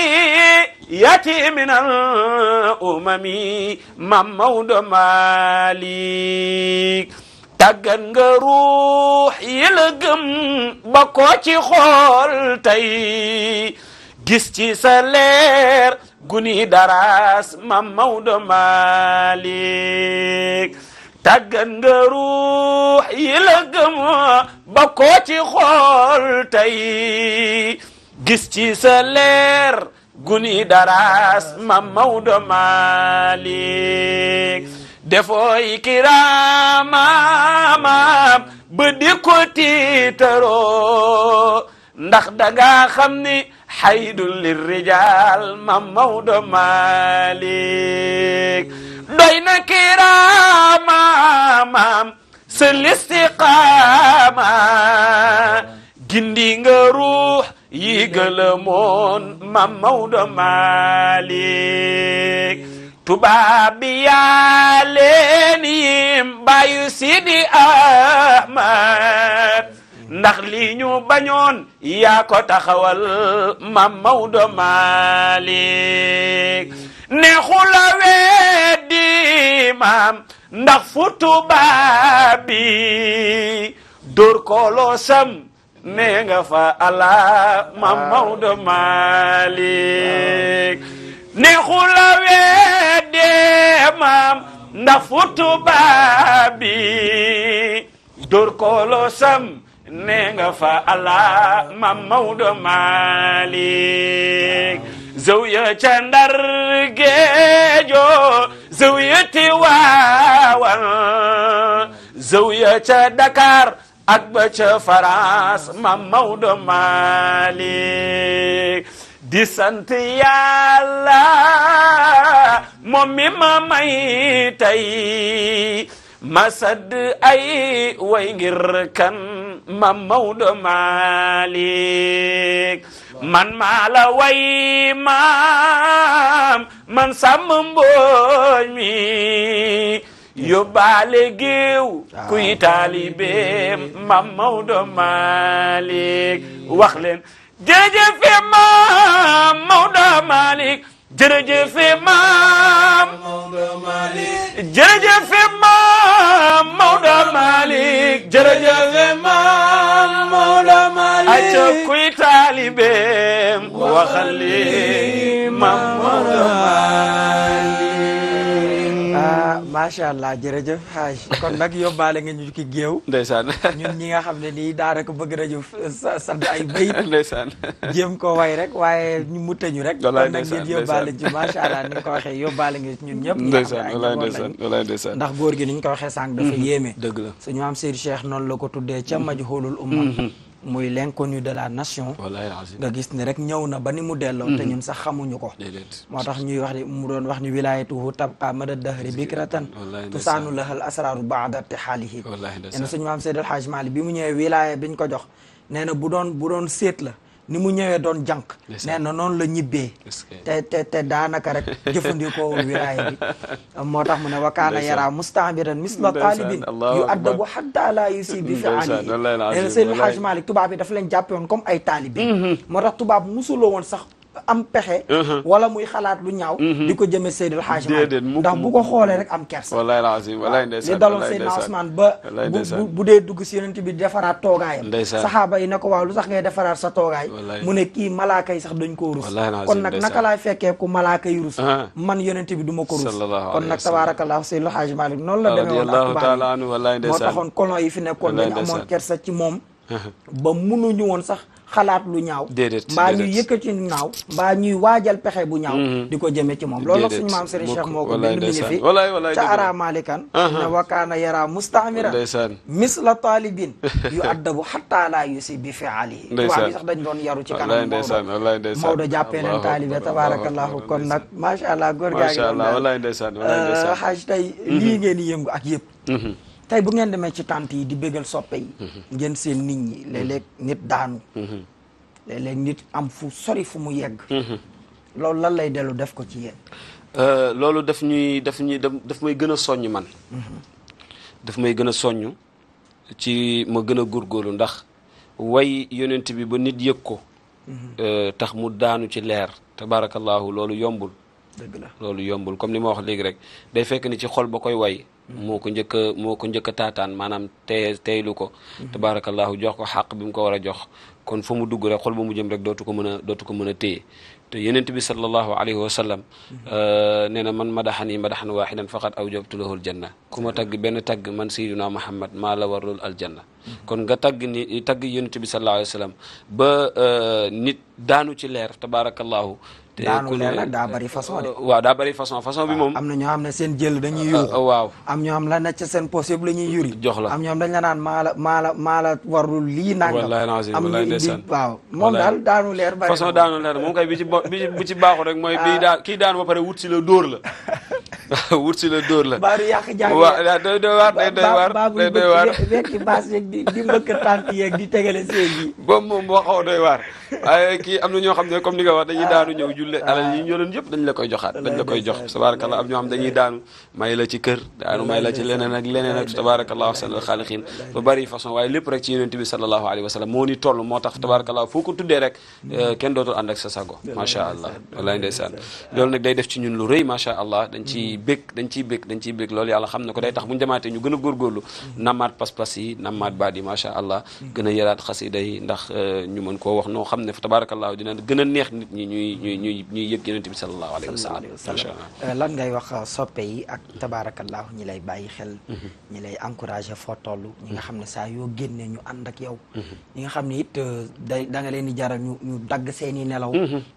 yati min al umami mam mawdo malik tàggat ruux yi ba ko ci xool tey gis ci sa leer guni daras mam mawdo malik tàggat nga ruux yi la ba ko ci xool tey gis ci sa leer guni daraas ma Maodo Malick defooy kiraamam ba di ko tiitaroo ndax danga xam ni xaydun lirrijal ma Maodo Malick doy na kiraama maam sa listiqaama gindi nga ruux yi gëlëmoon maam Maodo Malick tubaab bi yaa leen yim bàyyu Sidi Ahmad ndax lii ñu bañoon yaa ko taxawal mam Maodo Malick neexu la weddi maam ndax futuba bi dóor kooloo sam nee fa ala mam ah. Maodo Malick neexu la weddi maam ndax futuba bi dóor kooloo sam nee nga fa allah mam Maodo Malick zawiya ca Ndar Géejo zawiya Tiwaawan zawiya ca Dakar ak ba ca France mam Maodo Malick di sant yàlla moom mi ma may tey masad ay way ngir kan mam Maodo Malick man maa way maam man sàmm mbooñ mi yóbbaale géew kuy taalibeem mam Maodo Malick wax leen jërëjëf maam Maodo Malick jërëjëf maam jërëjëf maam Maodo Malick jërëjëf maam Maodo Malick acca kuy taalibeem waxali maam Maodo Malick macha allah jërëjëf xaaj kon nag yóbbaale nga ñu ki géew. ndeysaan ñun ñi nga xam ne nii daanaka bëgg nañu sant ay bayit. ndeysaan jéem ko way rek waaye ñu mutte ñu rek. wallaay ndeysaan kon nag ñun yóbbaale ci macha allah ni nga ko waxee yóbbaale nga ñun ñëpp. ndeysaan wallaay ndeysaan ndax góor gi ni ñu ko waxee sànq dafa mhm. yéeme. dëgg la suñu am Seydi Cheikh noonu la ko tuddee ca mhm. maj xoolul umma mhm. muy l'inconnu de la nation nga gis ni rek ñëw na ba ni mu delloo te mhm. ñun sax xamuñu ko moo tax ñuy wax ni mu doon wax ni wilayatuhu tabqa mada dahri bikratan tusaanu lahal asraaru baada irtihaalihi nen suñu maam Seydil Hadj Malick bi mu ñëwee wilaya biñ ko jox nee na bu doon bu doon séet la ni mu ñëwee doon jànq nee na noonu la ñibbee te te te daanaka rek jëfandikoowul wilaaya bi moo tax mu ne wa kaana yara mustaamiran misla taalibin yu addabu hatta la yusi bi fi ali nee na Seydil Hadj Malick tubaab yi dafa leen jàppe woon comme ay taalibi mm-hmm. moo tax tubaab musuloo woon sax am pexe uh-huh. wala muy xalaat lu ñaaw uh-huh. di ko jëme Seydil Hadji Malick ndax bu ko xoolee rek am kersa wallaay lazim wallaay ndeysaan li daloon Seydina Ousmane ba bu dee dugg si yonent bi defaraat toogaayam saxaaba yi ne ko waaw lu sax ngay defaraat sa toogaay mu ne kii malaaka sax dañ ko rus kon nag naka laay fekkee ku malaaka yi rus uh-huh. man yonent bi du ma ko rus kon nag tabaarakallah Seydil Hadji Malick noonu la demee woon ak moo taxoon colon yi fi nekkoon dañ amoon moom ba munuñu woon xalaat lu ñaaw mbaa ñuy yëkkati lu ñaaw mbaa ñuy waajal pexe bu ñaaw mm-hmm. di ko jëme ci moom loolu suñu maam Serigne Cheikh moo ko bind mi ngi fi ca ara malikan wakaana yara mustahmiran misla talibin yu addabu xatta la yusi bi fi'alihi tubaab bi sax dañ doon yaru ci kanam Maodo Maodo jàppee taalibe tabarakallahu kon nag macha allah góor gaa ngi doon daal xaaj uh, tey lii mm-hmm. ngeen yëngu ak yëpp mm-hmm. tey bu ngeen demee ci tànt yi di bëggal soppe yi mhm. ngeen seen nit ñi mhm. léeg nit daanu mhm. léeg nit am fu sori fu mu yegg loolu lan lay dellu def ko ci yéen euh, loolu daf ñuy daf ñuy daf may gën a soññ man daf may gën a soññ ci ma gën a góor góorlu ndax way yonent bi ba nit yëg ko euh, tax mu daanu ci leer tabaarakallaahu loolu yombul dëgg la loolu yombul comme li ma wax léegi rek day fekk ni ci xol ba koy way moo ko njëkk a moo ko njëkk taataan maanaam tey teylu ko mhm. tabaarakallahu jox ko xàq bi mu ko war a jox kon fa mu dugg rek xol ba mu jëm rek dootu ko mën a dootu ko mën a téye te yenent bi sallallahu alayhi wa sallam mhm. euh, nee na man madaxani madaxan waaxidan faqat awjabtu lahul janna ku ma tagg benn tagg man sayyiduna muhammad maa la warlul aljanna mhm. kon nga tagg ni tagg yenent bi sallallahu alayhi wa sallam ba euh, nit daanu ci leer tabaarakallahu te daanu leen nag daa bëri eh, façon de. Eh, waaw daa bëri façon façon bi ah, moom. am na ñoo xam ne seen jël dañuy ah, yuuxu. Ah, waaw am ñoo xam la ne ca seen possible la ñuy yuri. jox la am ñoo xam dañ la naan maala maala maala warul lii. nangam wallaahi lancé am ñu indi waaw. moom daal daanu leer bëri façon daanu leer moom kay bi ci bo bi ci baaxul rek mooy. bii daan kii daanu ba pare wut si la dóor la. wut si la dóor la. baaru yàq jàng waaw doy doy waar day doy waar day doy waar wekki baas yeeg di di mbëkk tànk yeeg di tegale séeg yi. boobu moom moo xaw doy waar waaye kii am na ñoo xam ne comme ni nga wax dañuy daanu ñëw alal yi ñu yoroon dañ la koy joxaat dañ la koy jox tabarakallah am ñoo xam dañuy daanu may ci kër daanu may ci leneen ak leneen ak tabarakallah ahsan al xaaliqin ba bari façon waaye lépp rek ci wa sallam ñun lu rëy macha allah mm-hmm. dañ ciy bég dañ ciy bég dañ yàlla xam na ko day tax bu ñu ñu gën a góorgóorlu mm-hmm. namaat pas-pas yi namaat baat yi macha allah mm-hmm. gën a yaraat xasida yi ndax eh, ñu mën koo wax noo xam ne fa tabarakallah dina gën a neex nit ñuy ñuy yëg yonent bi sallallahu alayhi lan ngay wax euh, soppe yi ak tabaarakallaahu ñi lay bàyyi xel mhm. ñi lay encouragé foo toll ñi nga mhm. xam ne saa yoo génnee ñu ànd ak yow mhm. ñi nga xam ne it euh, day da nga leen di jaral ñu ñu dagg seeni nelaw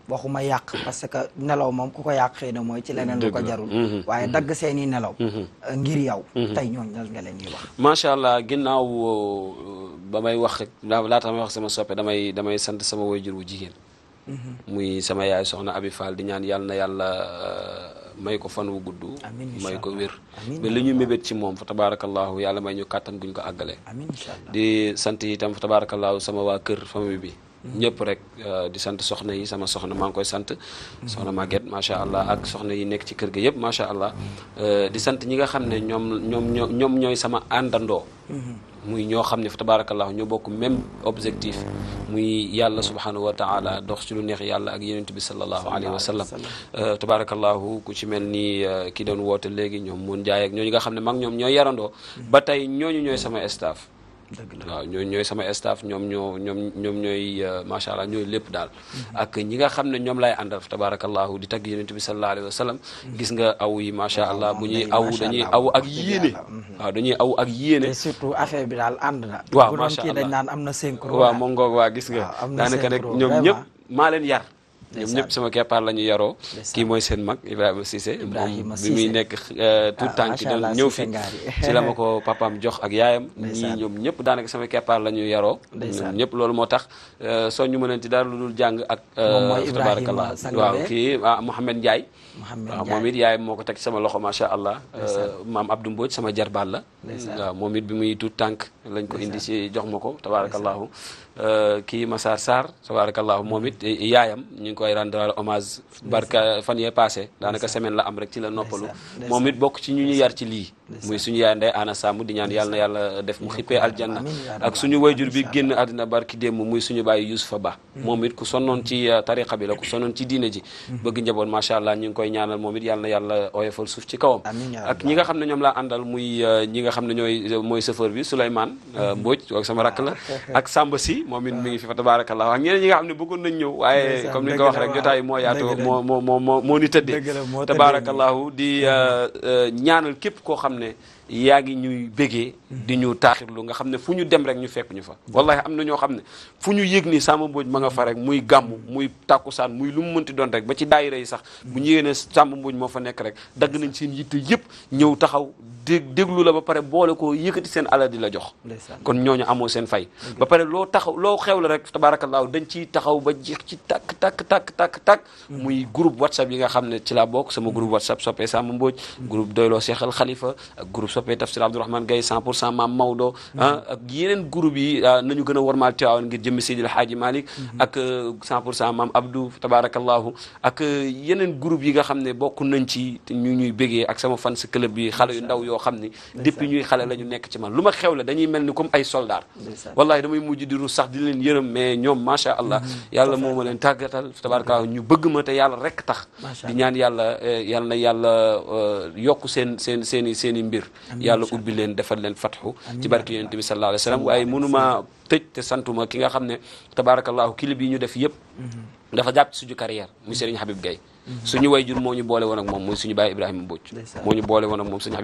waxuma yàq parce que nelaw moom ku ko yàq xëy na mooy ci leneen lu ko jarul waaye dagg seeni nelaw euh, ngir yow tey ñooñ lan nga leen di wax macha allah ginnaaw ba may wax rek laata may wax sama soppe damay damay sant sama waajur wu jigéen muy sama yaay soxna Abi Fall di ñaan yàlla na yàlla euh, may ko fan wu gudd may ko wér ba li ñu mébét ci moom fa tabaarakallaahu yàlla may ñu kàttan guñ ko àggale di sant itam fa tabaarakallaahu sama waa kër famille bi mm-hmm. ñëpp rek euh, di sant soxna yi sama soxna maa ngi koy sant mm-hmm. soxna Maguette macha allah ak soxna yi nekk ci kër ga yëpp macha allah mm-hmm. euh, di sant ñi nga xam ne ñoom ñoom ñoom ñooy sama àndandoo muy ñoo xam ne fa tabaarakallaahu ñoo bokk même objectif muy yàlla subhaanahu wa taala dox si lu neex yàlla ak yonent bi sallallahu alayhi wa sallam euh, tabaarakallaahu ku ci mel ni euh, ki doon woote léegi ñoom mun jaayeek ak ñooñu nga xam ne mag ñoom ñooy yarandoo mm-hmm. ba tey ñooñu ñooy sama staff dëgg la waaw ñooy sama staff ñoom ñoo ñoom ñoom ñooy euh, macha allah ñooy lépp daal. Mm-hmm. ak ñi nga xam ne ñoom laay àndal tabarakallahu di tagg yonent bi sallallahu alayhi wa mm-hmm. gis nga aw yi macha allah mu ñuy aw aw ak yéene. Mm-hmm. waaw dañuy aw ak yéene. surtout affaire bi daal ànd na. waaw macha allah bu am na synchro. waaw moom waa gis nga. daanaka rek ñoom ñëpp maa leen yar. ñoom ñëpp sama keppaar la ñu yaroo kii mooy seen mag Ibrahima Cissé moom bi muy nekk euh, tout ah, tànk ñëw fi ci la ma ko papaam jox ak yaayam ñii ñoom ñëpp daanaka sama keppaar la ñu yaroo ñoom ñëpp loolu moo tax euh, soo ñu mëneen ci daal lu dul jàng ak euh, tabarakallah waaw kii ah Mouhamed Ndiaye waaw moom it yaayam moo ko teg sama loxo macha allah maam Abdou Mbodj sama jarbaal la waaw moom it bi muy tout tànk lañ ko indi si jox ma ko tabarakallahu Euh, kii Massar Sarr tabarakallahu moom it yaayam ñu ngi koy rendre hommage barka fan yee passé daanaka semaine la am rek ci la noppalu moom it bokk ci ñu ñu yar ci lii muy suñu yaay ndey Ana Samb di ñaan yàlla na yàlla def mu xippee aljanna ak suñu jur bi génn àddina barki démb muy suñu bàyyi Yousufa Ba mm. moom it ku sonoon ci uh, tariqa bi la ku sonnoon ci diine ji mm. bëgg njaboot macha allah ñu ngi koy ñaanal moom it yàlla na yàlla oyofal suuf ci kawam ak ñi nga xam ne ñoom laa àndal muy uh, ñi nga xam ne ñooy uh, mooy chauffeur bi Souleymane mm-hmm. Mbodj ak sama rakk la ak Samba si moom it mi ngi fi fa tabaarakallaa ak ñeneen ñi nga xam ne bëggoon nañ ñëw waaye comme ni nga ko wax rek jotaay moo yaatoo moo moo moo moo ni tëddee tabaarakallaahu di euh, euh, ñaanal képp koo xam ne yaa ngi ñuy bégee di ñu taaxirlu nga xam ne fu ñu dem rek ñu fekk ñu fa wallahi am na ñoo xam ne fu ñu yëg ni Samba Mbodj ma nga fa rek muy gàmm muy tàkkusaan muy lu mu mënti doon rek ba ci daayira yi sax bu ñu yéene Samba Mbodj moo fa nekk rek dagg nañ seen yitte yëpp ñëw taxaw dég déglu la ba pare boole ko yëkkati seen alal di la jox kon ñooñu amoo seen fay ba pare loo taxaw loo xew la rek tabaarakallaahu dañ ciy taxaw ba jeex ci takk takk takk takk takk mm. muy groupe whatsapp yi nga xam ne ci laa bokk sama groupe whatsapp soppee Samba Mbodj groupe doyloo seexal xalifa ak groupe soppee tafsir Abdourahmane Gaye 100 pour cent maam Maodo ah, ak yeneen groupe yi ah, nañu gën a warmaal Tiwaawan ngir jëmmi Seydil Haaji Malick mhm. ak 100 euh, pour cent maam Abdou tabarakallahu ak euh, yeneen groupe yi nga xam ne bokk nañ ci ñu ñuy bégee ak sama fan si club yi xale yu ndaw yoo xam ne depuis ñuy xale la ñu nekk ci man lu ma xew la dañuy mel ni comme ay soldat wallahi damay mujj di rus sax di leen yërëm mais ñoom macha allah mhm. yàlla moo ma leen tàggatal tabarakallahu ñu bëgg ma te yàlla rek tax di ñaan yàlla eh, yàlla na yàlla euh, yokk seen seen seen i seen i mbir yàlla ubbi leen defal leen fatxu ci barke yonent bi sallallahu alayhi wa sallam waaye mënuma tëj te santuma ki nga xam ne tabarakallahu kilib yi ñu def yëpp mhm. dafa jàpp suñu carrière muy mhm. Serigne Habib Gaye suñu wayjur moo ñu boole woon moom mooy suñu baay Ibrahima Mbodj moo ñu boole woon ak moom suñu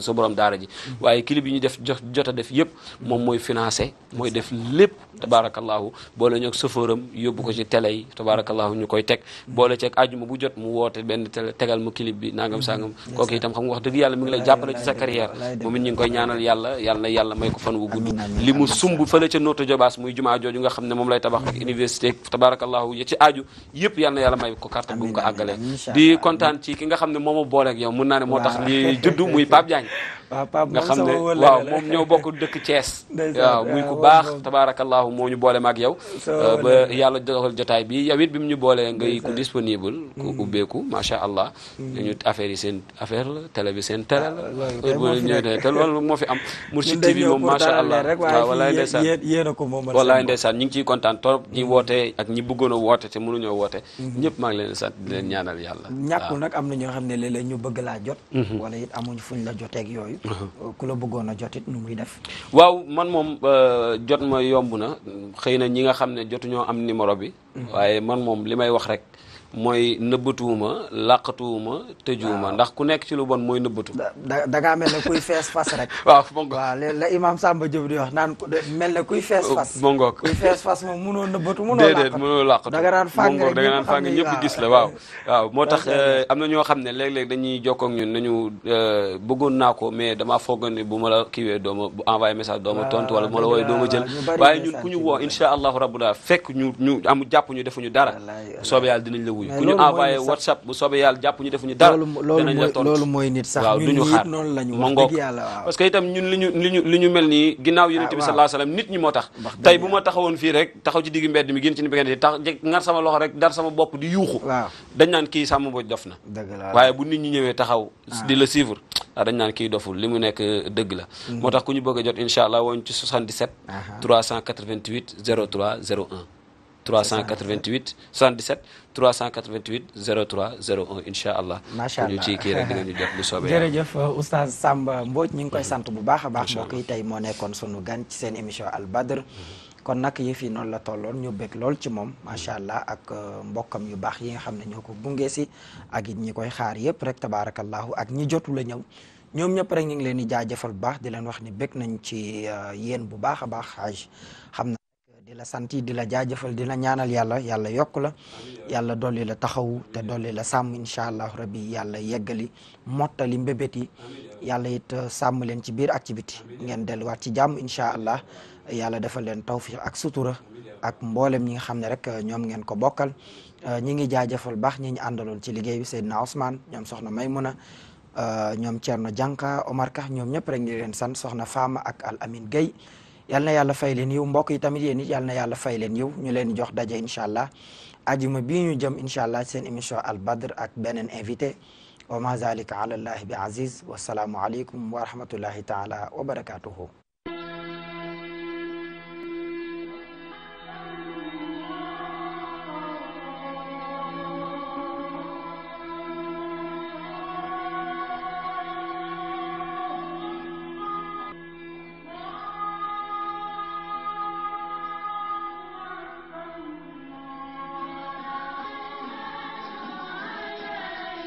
sa borom daara ji waaye clip a ñu ak chauffeur am yóbbu bu jot mu woote benn télé tegal mu clip bi nangam mm-hmm. sangam kooku itam xam nga wax dëgg yàlla mi ngi lay jàppale ci sa carrière moom it ñu ngi koy ñaanal yàlla yàlla ne moom lay tabax ak mm-hmm. université tabarakallahu ci aaju yëpp yàlla na yàlla may ko carte bu ko àggale di kontaan ci ki nga xam ne moom a booleeg yow mun naa ne moo tax li juddu muy Pape Diagne nga xam ne waaw moom ñoo bokk dëkk Thiès waaw muy ku baax tabaarakallaahu moo ñu boole maag yow euh, ba yàlla doxal jotaay bi yow it bi mu ñu boolee ngay ku disponible ku mm. ubbeeku macha allah mm. yi seen affaire la télé bi seen télé la ah, te loolu moo fi am Mourchid allah waaw walaay ndeysaan walaay ndeysaan ñu ngi kontaan trop ñi mm. woote ak ñi bëggoon woote te mënuñoo woote ñëpp maa ngi leen di sant di leen ñaanal yàlla. ñàkkul ah. nag am na ñoo xam ne léeg-léeg ñu bëgg laa jot. Mhm. wala it amuñ fuñ la joteeg yooyu. Mhm. Euh, ku la bëggoon a jot it nu muy def. waaw man moom euh, jot ma yomb na xëy na ñi nga xam ne jotuñoo am numéro bi. Mhm. waaye man moom li may wax rek. mooy nëbbatuwuma làqatuwuma tëjuwuma ndax ku nekk ci lu bon mooy nëbbatu da da mel na kuy fees fas rek waaw bongo waaw la imam Samba Diop wax naan mel ne kuy fees fas bongo kuy fees fas moom munoo da nga naan fàng rek da nga waaw moo tax euh, am na ñoo xam ne léeg-léeg dañuy jokkoo ak ñun nañu euh, bëggoon naa ko mais damaa foogoon ne bu ma la kiiwee dooma bu envoyé message dooma tontu wala bu ma la wooyee dooma jël waaye ñun ku ñu woo insha allahu rabbula fekk ñu am jàpp ñu defuñu dara soobee yàlla dinañ la wuy wuyu ku ñu envoyé whatsapp bu soobee yàlla jàpp ñu defuñu dara danañ la tontu loolu mooy nit sax waaw du ñu xaar ma ngoog parce que itam li ñu li ñu ñu mel nii ginnaaw yonent bi ah, sallallahu alayhi wasallam nit ñi moo tax tey bu ma taxawoon fii rek taxaw ci digg mbedd mi génn ci ni begen tax ngar sama loxo rek dar sama bopp di yuuxu dañ naan kii sàmm boj dof na waaye bu nit ñi ñëwee taxaw ah. di la suivre ah dañ naan kii doful li mu nekk euh, dëgg la mm-hmm. moo tax ku ñu bëgg a jot incha allah woon ci 77 388 03 01 388 77 388 03 01 incha allah. macha allah ñu ci kii rek dinañu jot lu soobee. jërëjëf oustaz Samba Mbodj ñu ngi koy mm-hmm. sant bu baax a baax. mbokk yi tey moo nekkoon sunu gan seen émission Al Badr mm-hmm. kon nag yi yi noonu la tolloon ñu bëgg lool ci moom macha mm-hmm. allah ak euh, mbokkam yu baax yi nga xam ne ñoo ko gunge si ak it ñi koy xaar yëpp rek tabaarakallahu ak ñi jotu la ñëw. ñoom ñëpp rek ñu ngi leen di jaajëfal bu baax di leen wax ni bëgg nañ ci euh, yéen bu baax a baax xaaj di la sant di la jaajëfal di la ñaanal yàlla yàlla yokk la yàlla dolli la taxawu te dolli la sàmm incha allah rabbi yàlla yeggali mottali mbébét yi yàlla it uh, sàmm leen ci biir ak ci biti ngeen delluwaat ci jàmm incha allah yàlla defal leen tawfiq ak sutura ak mboolem ñi nga xam ne rek uh, ñoom ngeen ko bokkal uh, ñi ngi jaajëfal baax ñi ñu àndaloon ci liggéey bi na Ousmane ñoom soxna na ñoom Thierno Janka Omar ñoom ñëpp rek ngi leen sant soxna Fama ak Al Amin Gueye yal na yàlla fay leen yiw mbokk yi tamit yéen it yal na yàlla fay leen yiw ñu leen jox daje incha allah ma bii ñu jëm incha allah seen émission Al Badr ak beneen invité wa ma zalika ala allahi bi aziz wasalaamu aleykum wa rahmatullahi taala wa barakatuhu